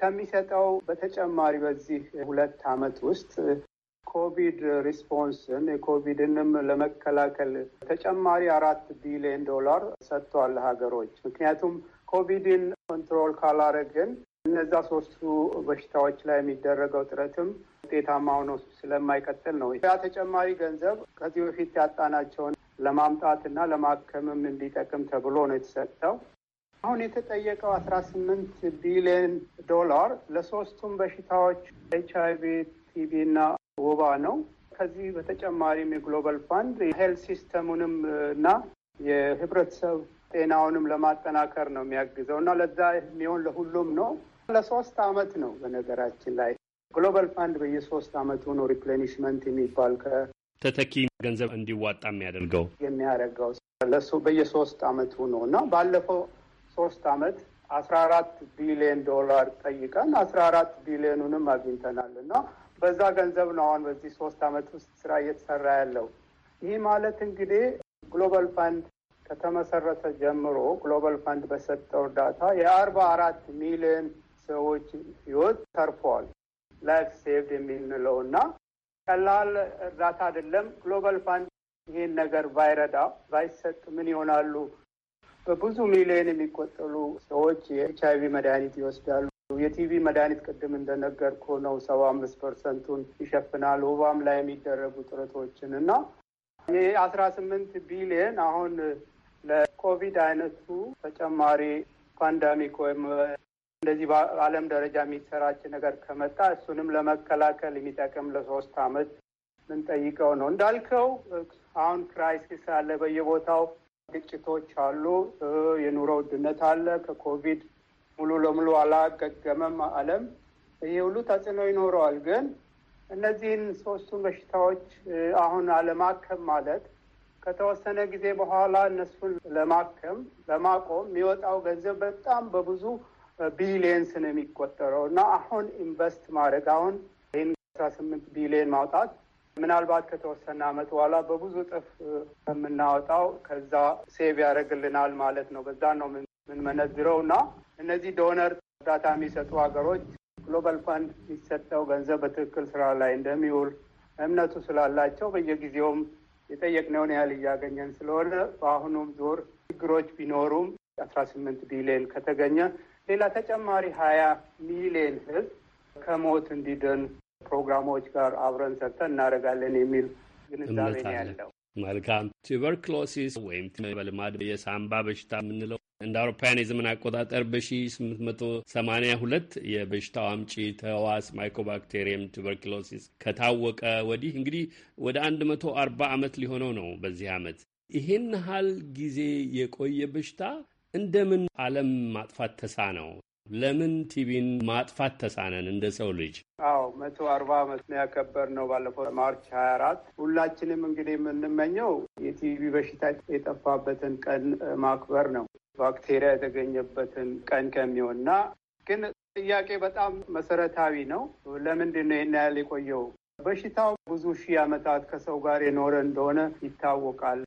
ከሚሰጠው በተጨማሪ በዚህ ሁለት ዓመት ውስጥ ኮቪድ ሪስፖንስን የኮቪድንም ለመከላከል ተጨማሪ አራት ቢሊዮን ዶላር ሰጥቷል ሀገሮች። ምክንያቱም ኮቪድን ኮንትሮል ካላረግን እነዛ ሶስቱ በሽታዎች ላይ የሚደረገው ጥረትም ውጤታማ ሆኖ ስለማይቀጥል ነው። ያ ተጨማሪ ገንዘብ ከዚህ በፊት ያጣናቸውን ለማምጣት እና ለማከምም እንዲጠቅም ተብሎ ነው የተሰጠው። አሁን የተጠየቀው አስራ ስምንት ቢሊዮን ዶላር ለሶስቱም በሽታዎች ኤች አይቪ ቲቪ እና ወባ ነው። ከዚህ በተጨማሪም የግሎባል ፋንድ ሄልት ሲስተሙንም እና የህብረተሰብ ጤናውንም ለማጠናከር ነው የሚያግዘው እና ለዛ የሚሆን ለሁሉም ነው። ለሶስት አመት ነው በነገራችን ላይ ግሎባል ፋንድ በየሶስት አመቱ ነው ሪፕሌኒሽመንት የሚባል ተተኪ ገንዘብ እንዲዋጣ የሚያደርገው የሚያደርገው ለሱ በየሶስት አመቱ ነው እና ባለፈው ሶስት አመት አስራ አራት ቢሊዮን ዶላር ጠይቀን አስራ አራት ቢሊዮኑንም አግኝተናል እና በዛ ገንዘብ ነው አሁን በዚህ ሶስት አመት ውስጥ ስራ እየተሰራ ያለው። ይህ ማለት እንግዲህ ግሎባል ፋንድ ከተመሰረተ ጀምሮ ግሎባል ፋንድ በሰጠው እርዳታ የአርባ አራት ሚሊዮን ሰዎች ህይወት ተርፏል። ላይፍ ሴቭድ የሚንለው እና ቀላል እርዳታ አይደለም። ግሎባል ፋንድ ይህን ነገር ባይረዳ ባይሰጥ ምን ይሆናሉ? በብዙ ሚሊዮን የሚቆጠሉ ሰዎች የኤች አይቪ መድኃኒት ይወስዳሉ። የቲቪ መድኃኒት ቅድም እንደነገርኩ ነው ሰባ አምስት ፐርሰንቱን ይሸፍናል። ውባም ላይ የሚደረጉ ጥረቶችን እና ይህ አስራ ስምንት ቢሊየን አሁን ለኮቪድ አይነቱ ተጨማሪ ፓንዳሚክ ወይም እንደዚህ በዓለም ደረጃ የሚሰራጭ ነገር ከመጣ እሱንም ለመከላከል የሚጠቅም ለሶስት አመት ምንጠይቀው ነው እንዳልከው አሁን ክራይሲስ አለ፣ በየቦታው ግጭቶች አሉ፣ የኑሮ ውድነት አለ ከኮቪድ ሙሉ ለሙሉ አላገገመም አለም። ይህ ሁሉ ተጽዕኖ ይኖረዋል። ግን እነዚህን ሶስቱን በሽታዎች አሁን አለማከም ማለት ከተወሰነ ጊዜ በኋላ እነሱን ለማከም ለማቆም የሚወጣው ገንዘብ በጣም በብዙ ቢሊየንስ ነው የሚቆጠረው እና አሁን ኢንቨስት ማድረግ አሁን ይህን አስራ ስምንት ቢሊየን ማውጣት ምናልባት ከተወሰነ አመት በኋላ በብዙ እጥፍ ከምናወጣው ከዛ ሴቭ ያደርግልናል ማለት ነው። በዛ ነው የምንመነዝረው እና እነዚህ ዶነር እርዳታ የሚሰጡ ሀገሮች ግሎባል ፋንድ የሚሰጠው ገንዘብ በትክክል ስራ ላይ እንደሚውል እምነቱ ስላላቸው በየጊዜውም የጠየቅነውን ያህል እያገኘን ስለሆነ በአሁኑም ዙር ችግሮች ቢኖሩም አስራ ስምንት ቢሊዮን ከተገኘ ሌላ ተጨማሪ ሀያ ሚሊዮን ህዝብ ከሞት እንዲድን ፕሮግራሞች ጋር አብረን ሰርተን እናደርጋለን የሚል ግንዛቤ ያለው መልካም ቱበርክሎሲስ ወይም በልማድ የሳምባ በሽታ የምንለው እንደ አውሮፓውያን የዘመን አቆጣጠር በ1882 የበሽታው አምጪ ተዋስ ማይኮባክቴሪየም ቱበርክሎሲስ ከታወቀ ወዲህ እንግዲህ ወደ 140 ዓመት ሊሆነው ነው በዚህ ዓመት። ይህን ያህል ጊዜ የቆየ በሽታ እንደምን ዓለም ማጥፋት ተሳ ነው? ለምን ቲቪን ማጥፋት ተሳነን? እንደ ሰው ልጅ አዎ መቶ አርባ አመት ነው ነው ባለፈው ማርች ሀያ አራት ሁላችንም እንግዲህ የምንመኘው የቲቪ በሽታ የጠፋበትን ቀን ማክበር ነው ባክቴሪያ የተገኘበትን ቀን ከሚሆን እና ግን ጥያቄ በጣም መሰረታዊ ነው። ለምንድን ነው ይህን ያህል የቆየው? በሽታው ብዙ ሺህ ዓመታት ከሰው ጋር የኖረ እንደሆነ ይታወቃል።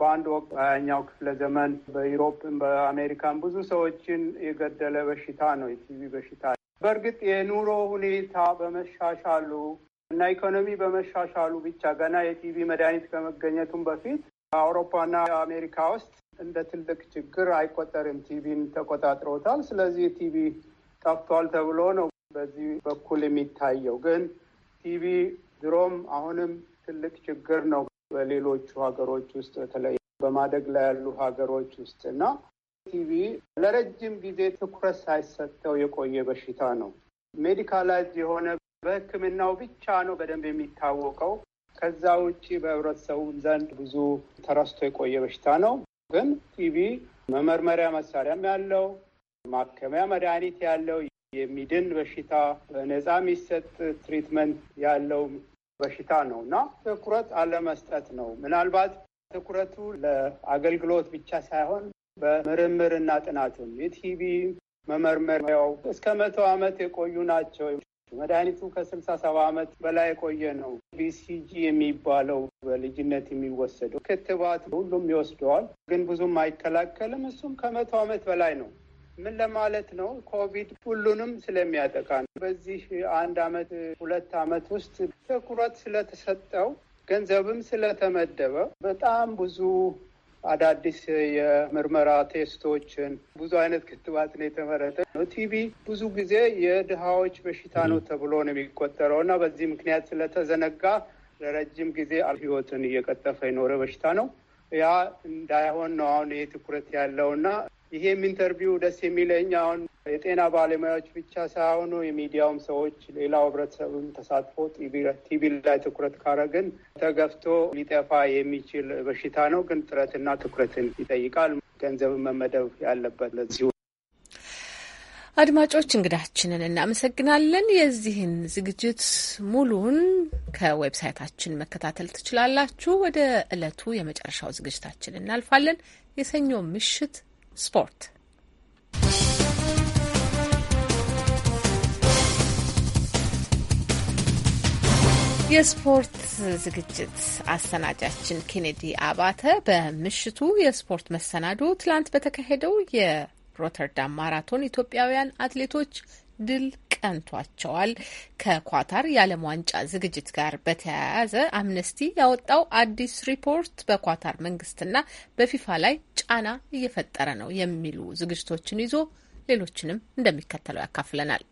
በአንድ ወቅት ሀያኛው ክፍለ ዘመን በዩሮፕም በአሜሪካን ብዙ ሰዎችን የገደለ በሽታ ነው የቲቪ በሽታ። በእርግጥ የኑሮ ሁኔታ በመሻሻሉ እና ኢኮኖሚ በመሻሻሉ ብቻ ገና የቲቪ መድኃኒት ከመገኘቱም በፊት አውሮፓና አሜሪካ ውስጥ እንደ ትልቅ ችግር አይቆጠርም። ቲቪን ተቆጣጥሮታል። ስለዚህ ቲቪ ጠፍቷል ተብሎ ነው በዚህ በኩል የሚታየው። ግን ቲቪ ድሮም አሁንም ትልቅ ችግር ነው። በሌሎቹ ሀገሮች ውስጥ በተለይ በማደግ ላይ ያሉ ሀገሮች ውስጥ እና ቲቪ ለረጅም ጊዜ ትኩረት ሳይሰጠው የቆየ በሽታ ነው። ሜዲካላይዝ የሆነ በሕክምናው ብቻ ነው በደንብ የሚታወቀው። ከዛ ውጭ በህብረተሰቡ ዘንድ ብዙ ተረስቶ የቆየ በሽታ ነው። ግን ቲቪ መመርመሪያ መሳሪያም ያለው ማከሚያ መድኃኒት ያለው የሚድን በሽታ በነፃ የሚሰጥ ትሪትመንት ያለው በሽታ ነው እና ትኩረት አለመስጠት ነው። ምናልባት ትኩረቱ ለአገልግሎት ብቻ ሳይሆን በምርምርና ጥናትም መመርመር መመርመሪያው እስከ መቶ ዓመት የቆዩ ናቸው። መድኃኒቱ ከስልሳ ሰባ ዓመት በላይ የቆየ ነው። ቢሲጂ የሚባለው በልጅነት የሚወሰደው ክትባት ሁሉም ይወስደዋል፣ ግን ብዙም አይከላከልም። እሱም ከመቶ ዓመት በላይ ነው። ምን ለማለት ነው? ኮቪድ ሁሉንም ስለሚያጠቃ ነው። በዚህ አንድ አመት ሁለት አመት ውስጥ ትኩረት ስለተሰጠው ገንዘብም ስለተመደበ በጣም ብዙ አዳዲስ የምርመራ ቴስቶችን ብዙ አይነት ክትባት ነው የተመረተ ነው። ቲቪ ብዙ ጊዜ የድሃዎች በሽታ ነው ተብሎ ነው የሚቆጠረው እና በዚህ ምክንያት ስለተዘነጋ ለረጅም ጊዜ ህይወትን እየቀጠፈ የኖረ በሽታ ነው። ያ እንዳይሆን ነው አሁን ይህ ትኩረት ያለው እና ይሄም ኢንተርቪው ደስ የሚለኝ አሁን የጤና ባለሙያዎች ብቻ ሳይሆኑ የሚዲያውም ሰዎች፣ ሌላው ህብረተሰብም ተሳትፎ ቲቪ ላይ ትኩረት ካረግን ተገፍቶ ሊጠፋ የሚችል በሽታ ነው፣ ግን ጥረትና ትኩረትን ይጠይቃል። ገንዘብን መመደብ ያለበት ለዚሁ። አድማጮች እንግዳችንን እናመሰግናለን። የዚህን ዝግጅት ሙሉን ከዌብሳይታችን መከታተል ትችላላችሁ። ወደ ዕለቱ የመጨረሻው ዝግጅታችን እናልፋለን። የሰኞ ምሽት ስፖርት የስፖርት ዝግጅት አሰናጃችን ኬኔዲ አባተ በምሽቱ የስፖርት መሰናዶ ትላንት በተካሄደው የሮተርዳም ማራቶን ኢትዮጵያውያን አትሌቶች ድል ቀንቷቸዋል። ከኳታር የዓለም ዋንጫ ዝግጅት ጋር በተያያዘ አምነስቲ ያወጣው አዲስ ሪፖርት በኳታር መንግስትና በፊፋ ላይ ጫና እየፈጠረ ነው የሚሉ ዝግጅቶችን ይዞ ሌሎችንም እንደሚከተለው ያካፍለናል።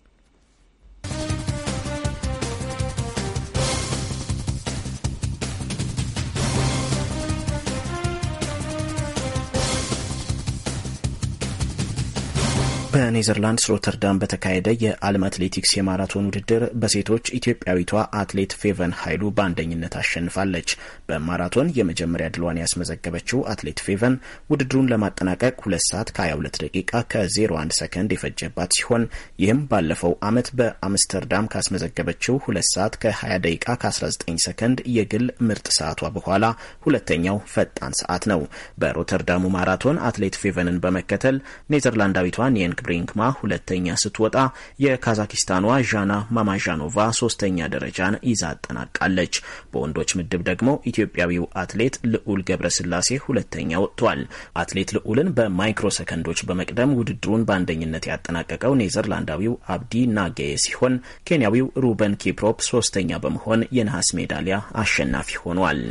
በኔዘርላንድስ ሮተርዳም በተካሄደ የዓለም አትሌቲክስ የማራቶን ውድድር በሴቶች ኢትዮጵያዊቷ አትሌት ፌቨን ኃይሉ በአንደኝነት አሸንፋለች። በማራቶን የመጀመሪያ ድሏን ያስመዘገበችው አትሌት ፌቨን ውድድሩን ለማጠናቀቅ ሁለት ሰዓት ከ22 ደቂቃ ከ01 ሰከንድ የፈጀባት ሲሆን ይህም ባለፈው ዓመት በአምስተርዳም ካስመዘገበችው 2 ሰዓት ከ20 ደቂቃ ከ19 ሰከንድ የግል ምርጥ ሰዓቷ በኋላ ሁለተኛው ፈጣን ሰዓት ነው። በሮተርዳሙ ማራቶን አትሌት ፌቨንን በመከተል ኔዘርላንዳዊቷን የንግ ብሪንክማ ሁለተኛ ስትወጣ የካዛኪስታኗ ዣና ማማዣኖቫ ሶስተኛ ደረጃን ይዛ አጠናቃለች። በወንዶች ምድብ ደግሞ ኢትዮጵያዊው አትሌት ልዑል ገብረስላሴ ሁለተኛ ወጥቷል። አትሌት ልዑልን በማይክሮ ሰከንዶች በመቅደም ውድድሩን በአንደኝነት ያጠናቀቀው ኔዘርላንዳዊው አብዲ ናጌ ሲሆን ኬንያዊው ሩበን ኪፕሮፕ ሶስተኛ በመሆን የነሐስ ሜዳሊያ አሸናፊ ሆኗል።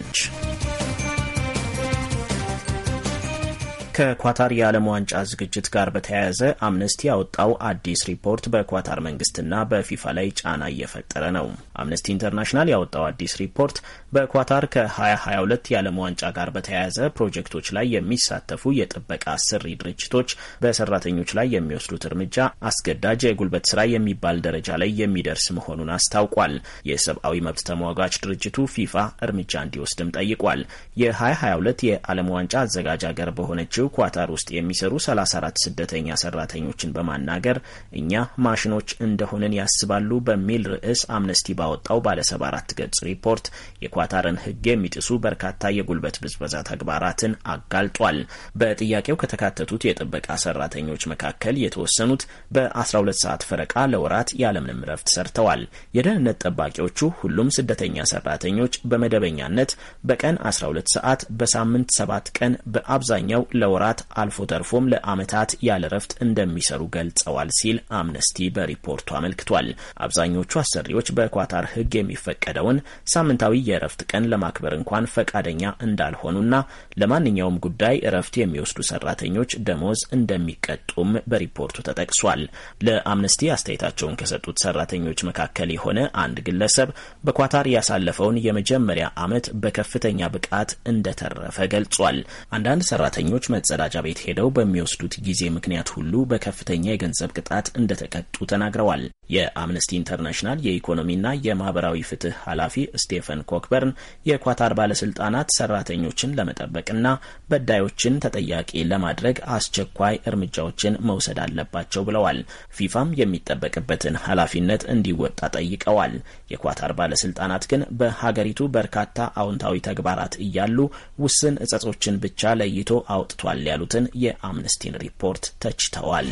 ከኳታር የዓለም ዋንጫ ዝግጅት ጋር በተያያዘ አምነስቲ ያወጣው አዲስ ሪፖርት በኳታር መንግስትና በፊፋ ላይ ጫና እየፈጠረ ነው። አምነስቲ ኢንተርናሽናል ያወጣው አዲስ ሪፖርት በኳታር ከ2022 የዓለም ዋንጫ ጋር በተያያዘ ፕሮጀክቶች ላይ የሚሳተፉ የጥበቃ ስሪ ድርጅቶች በሰራተኞች ላይ የሚወስዱት እርምጃ አስገዳጅ የጉልበት ስራ የሚባል ደረጃ ላይ የሚደርስ መሆኑን አስታውቋል። የሰብአዊ መብት ተሟጋች ድርጅቱ ፊፋ እርምጃ እንዲወስድም ጠይቋል። የ2022 የዓለም ዋንጫ አዘጋጅ ሀገር በሆነችው ኳታር ውስጥ የሚሰሩ 34 ስደተኛ ሰራተኞችን በማናገር እኛ ማሽኖች እንደሆንን ያስባሉ በሚል ርዕስ አምነስቲ ባወጣው ባለ 74 ገጽ ሪፖርት የኳታርን ሕግ የሚጥሱ በርካታ የጉልበት ብዝበዛ ተግባራትን አጋልጧል። በጥያቄው ከተካተቱት የጥበቃ ሰራተኞች መካከል የተወሰኑት በ12 ሰዓት ፈረቃ ለወራት ያለምንም ረፍት ሰርተዋል። የደህንነት ጠባቂዎቹ ሁሉም ስደተኛ ሰራተኞች በመደበኛነት በቀን 12 ሰዓት በሳምንት 7 ቀን በአብዛኛው ለወራት አልፎ ተርፎም ለዓመታት ያለ ረፍት እንደሚሰሩ ገልጸዋል ሲል አምነስቲ በሪፖርቱ አመልክቷል። አብዛኞቹ አሰሪዎች በኳታር ሕግ የሚፈቀደውን ሳምንታዊ የረ የእረፍት ቀን ለማክበር እንኳን ፈቃደኛ እንዳልሆኑና ለማንኛውም ጉዳይ እረፍት የሚወስዱ ሰራተኞች ደሞዝ እንደሚቀጡም በሪፖርቱ ተጠቅሷል። ለአምነስቲ አስተያየታቸውን ከሰጡት ሰራተኞች መካከል የሆነ አንድ ግለሰብ በኳታር ያሳለፈውን የመጀመሪያ ዓመት በከፍተኛ ብቃት እንደተረፈ ገልጿል። አንዳንድ ሰራተኞች መጸዳጃ ቤት ሄደው በሚወስዱት ጊዜ ምክንያት ሁሉ በከፍተኛ የገንዘብ ቅጣት እንደተቀጡ ተናግረዋል። የአምነስቲ ኢንተርናሽናል የኢኮኖሚና የማህበራዊ ፍትህ ኃላፊ ስቴፈን ኮክበር ኮንሰርን የኳታር ባለስልጣናት ሰራተኞችን ለመጠበቅና በዳዮችን ተጠያቂ ለማድረግ አስቸኳይ እርምጃዎችን መውሰድ አለባቸው ብለዋል። ፊፋም የሚጠበቅበትን ኃላፊነት እንዲወጣ ጠይቀዋል። የኳታር ባለስልጣናት ግን በሀገሪቱ በርካታ አዎንታዊ ተግባራት እያሉ ውስን እጸጾችን ብቻ ለይቶ አውጥቷል ያሉትን የአምነስቲን ሪፖርት ተችተዋል።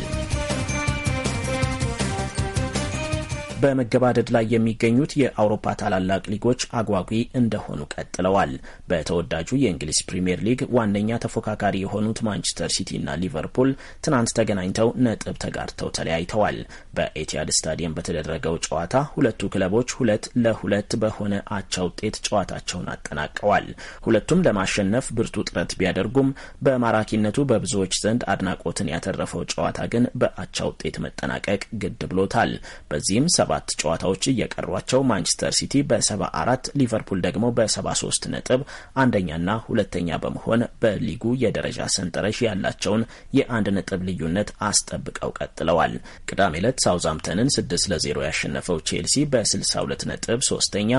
በመገባደድ ላይ የሚገኙት የአውሮፓ ታላላቅ ሊጎች አጓጊ እንደሆኑ ቀጥለዋል። በተወዳጁ የእንግሊዝ ፕሪምየር ሊግ ዋነኛ ተፎካካሪ የሆኑት ማንቸስተር ሲቲና ሊቨርፑል ትናንት ተገናኝተው ነጥብ ተጋርተው ተለያይተዋል። በኤቲያድ ስታዲየም በተደረገው ጨዋታ ሁለቱ ክለቦች ሁለት ለሁለት በሆነ አቻ ውጤት ጨዋታቸውን አጠናቀዋል። ሁለቱም ለማሸነፍ ብርቱ ጥረት ቢያደርጉም በማራኪነቱ በብዙዎች ዘንድ አድናቆትን ያተረፈው ጨዋታ ግን በአቻ ውጤት መጠናቀቅ ግድ ብሎታል። በዚህም ሰባት ጨዋታዎች እየቀሯቸው ማንቸስተር ሲቲ በ74 ሊቨርፑል ደግሞ በ73 ነጥብ አንደኛና ሁለተኛ በመሆን በሊጉ የደረጃ ሰንጠረዥ ያላቸውን የአንድ ነጥብ ልዩነት አስጠብቀው ቀጥለዋል። ቅዳሜ ዕለት ሳውዝሃምፕተንን 6 ለ0 ያሸነፈው ቼልሲ በ62 ነጥብ ሶስተኛ፣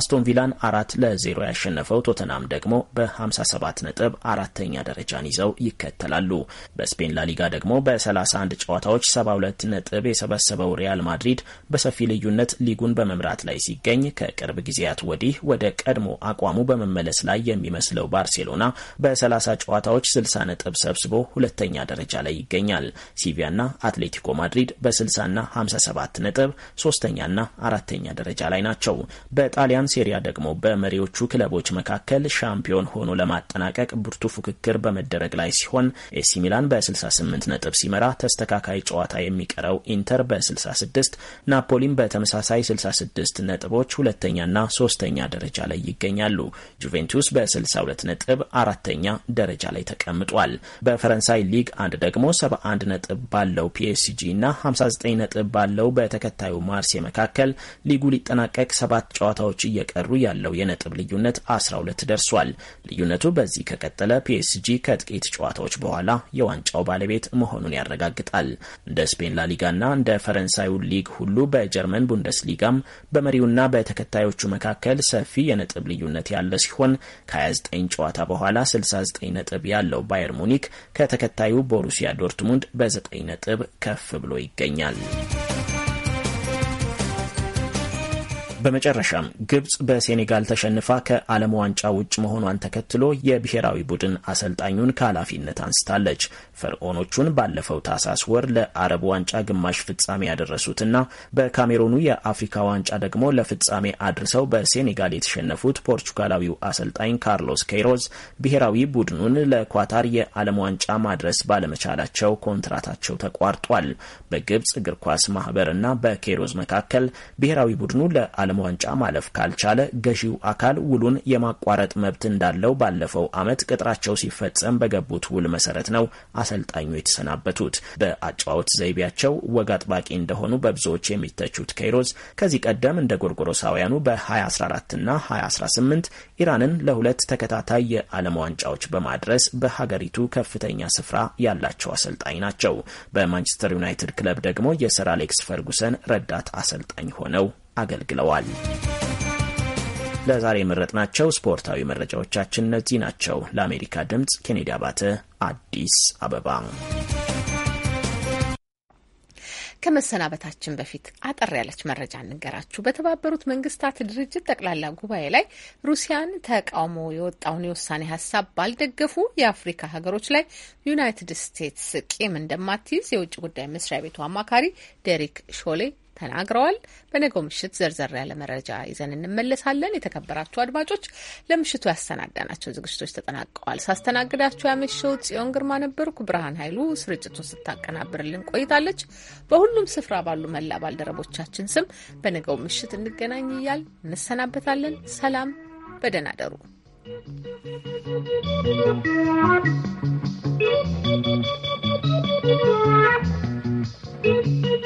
አስቶን ቪላን አራት ለ0 ያሸነፈው ቶተናም ደግሞ በ57 ነጥብ አራተኛ ደረጃን ይዘው ይከተላሉ። በስፔን ላሊጋ ደግሞ በ31 ጨዋታዎች 72 ነጥብ የሰበሰበው ሪያል ማድሪድ በሰፊ ሰፊ ልዩነት ሊጉን በመምራት ላይ ሲገኝ ከቅርብ ጊዜያት ወዲህ ወደ ቀድሞ አቋሙ በመመለስ ላይ የሚመስለው ባርሴሎና በ30 ጨዋታዎች 60 ነጥብ ሰብስቦ ሁለተኛ ደረጃ ላይ ይገኛል። ሲቪያና አትሌቲኮ ማድሪድ በ60ና 57 ነጥብ ሶስተኛና አራተኛ ደረጃ ላይ ናቸው። በጣሊያን ሴሪያ ደግሞ በመሪዎቹ ክለቦች መካከል ሻምፒዮን ሆኖ ለማጠናቀቅ ብርቱ ፉክክር በመደረግ ላይ ሲሆን ኤሲ ሚላን በ68 ነጥብ ሲመራ ተስተካካይ ጨዋታ የሚቀረው ኢንተር በ66 ናፖሊ በተጨማሪም በተመሳሳይ 66 ነጥቦች ሁለተኛና ሶስተኛ ደረጃ ላይ ይገኛሉ። ጁቬንቱስ በ62 ነጥብ አራተኛ ደረጃ ላይ ተቀምጧል። በፈረንሳይ ሊግ አንድ ደግሞ 71 ነጥብ ባለው ፒኤስጂ እና 59 ነጥብ ባለው በተከታዩ ማርሴ መካከል ሊጉ ሊጠናቀቅ ሰባት ጨዋታዎች እየቀሩ ያለው የነጥብ ልዩነት 12 ደርሷል። ልዩነቱ በዚህ ከቀጠለ ፒኤስጂ ከጥቂት ጨዋታዎች በኋላ የዋንጫው ባለቤት መሆኑን ያረጋግጣል። እንደ ስፔን ላሊጋና እንደ ፈረንሳዩ ሊግ ሁሉ በጀ የጀርመን ቡንደስሊጋም በመሪውና በተከታዮቹ መካከል ሰፊ የነጥብ ልዩነት ያለ ሲሆን ከ29 ጨዋታ በኋላ 69 ነጥብ ያለው ባየር ሙኒክ ከተከታዩ ቦሩሲያ ዶርትሙንድ በ9 ነጥብ ከፍ ብሎ ይገኛል። በመጨረሻም ግብጽ በሴኔጋል ተሸንፋ ከዓለም ዋንጫ ውጭ መሆኗን ተከትሎ የብሔራዊ ቡድን አሰልጣኙን ከኃላፊነት አንስታለች። ፈርዖኖቹን ባለፈው ታህሳስ ወር ለአረብ ዋንጫ ግማሽ ፍጻሜ ያደረሱትና በካሜሩኑ የአፍሪካ ዋንጫ ደግሞ ለፍጻሜ አድርሰው በሴኔጋል የተሸነፉት ፖርቹጋላዊው አሰልጣኝ ካርሎስ ኬይሮዝ ብሔራዊ ቡድኑን ለኳታር የዓለም ዋንጫ ማድረስ ባለመቻላቸው ኮንትራታቸው ተቋርጧል። በግብጽ እግር ኳስ ማህበር በኬይሮዝ መካከል ብሔራዊ ቡድኑ ለዓለም የዓለም ዋንጫ ማለፍ ካልቻለ ገዢው አካል ውሉን የማቋረጥ መብት እንዳለው ባለፈው ዓመት ቅጥራቸው ሲፈጸም በገቡት ውል መሰረት ነው አሰልጣኙ የተሰናበቱት። በአጨዋወት ዘይቤያቸው ወግ አጥባቂ እንደሆኑ በብዙዎች የሚተቹት ኬይሮዝ ከዚህ ቀደም እንደ ጎርጎሮሳውያኑ በ2014 እና 2018 ኢራንን ለሁለት ተከታታይ የዓለም ዋንጫዎች በማድረስ በሀገሪቱ ከፍተኛ ስፍራ ያላቸው አሰልጣኝ ናቸው። በማንቸስተር ዩናይትድ ክለብ ደግሞ የሰር አሌክስ ፈርጉሰን ረዳት አሰልጣኝ ሆነው አገልግለዋል። ለዛሬ የመረጥናቸው ስፖርታዊ መረጃዎቻችን እነዚህ ናቸው። ለአሜሪካ ድምፅ ኬኔዲ አባተ፣ አዲስ አበባ። ከመሰናበታችን በፊት አጠር ያለች መረጃ እንገራችሁ። በተባበሩት መንግስታት ድርጅት ጠቅላላ ጉባኤ ላይ ሩሲያን ተቃውሞ የወጣውን የውሳኔ ሀሳብ ባልደገፉ የአፍሪካ ሀገሮች ላይ ዩናይትድ ስቴትስ ቂም እንደማትይዝ የውጭ ጉዳይ መስሪያ ቤቱ አማካሪ ዴሪክ ሾሌ ተናግረዋል። በነገው ምሽት ዘርዘር ያለ መረጃ ይዘን እንመለሳለን። የተከበራችሁ አድማጮች ለምሽቱ ያሰናዳናቸው ዝግጅቶች ተጠናቀዋል። ሳስተናግዳችሁ ያመሸው ጽዮን ግርማ ነበርኩ። ብርሃን ኃይሉ ስርጭቱን ስታቀናብርልን ቆይታለች። በሁሉም ስፍራ ባሉ መላ ባልደረቦቻችን ስም በነገው ምሽት እንገናኝ እያል እንሰናበታለን። ሰላም፣ በደህና ደሩ። Thank you.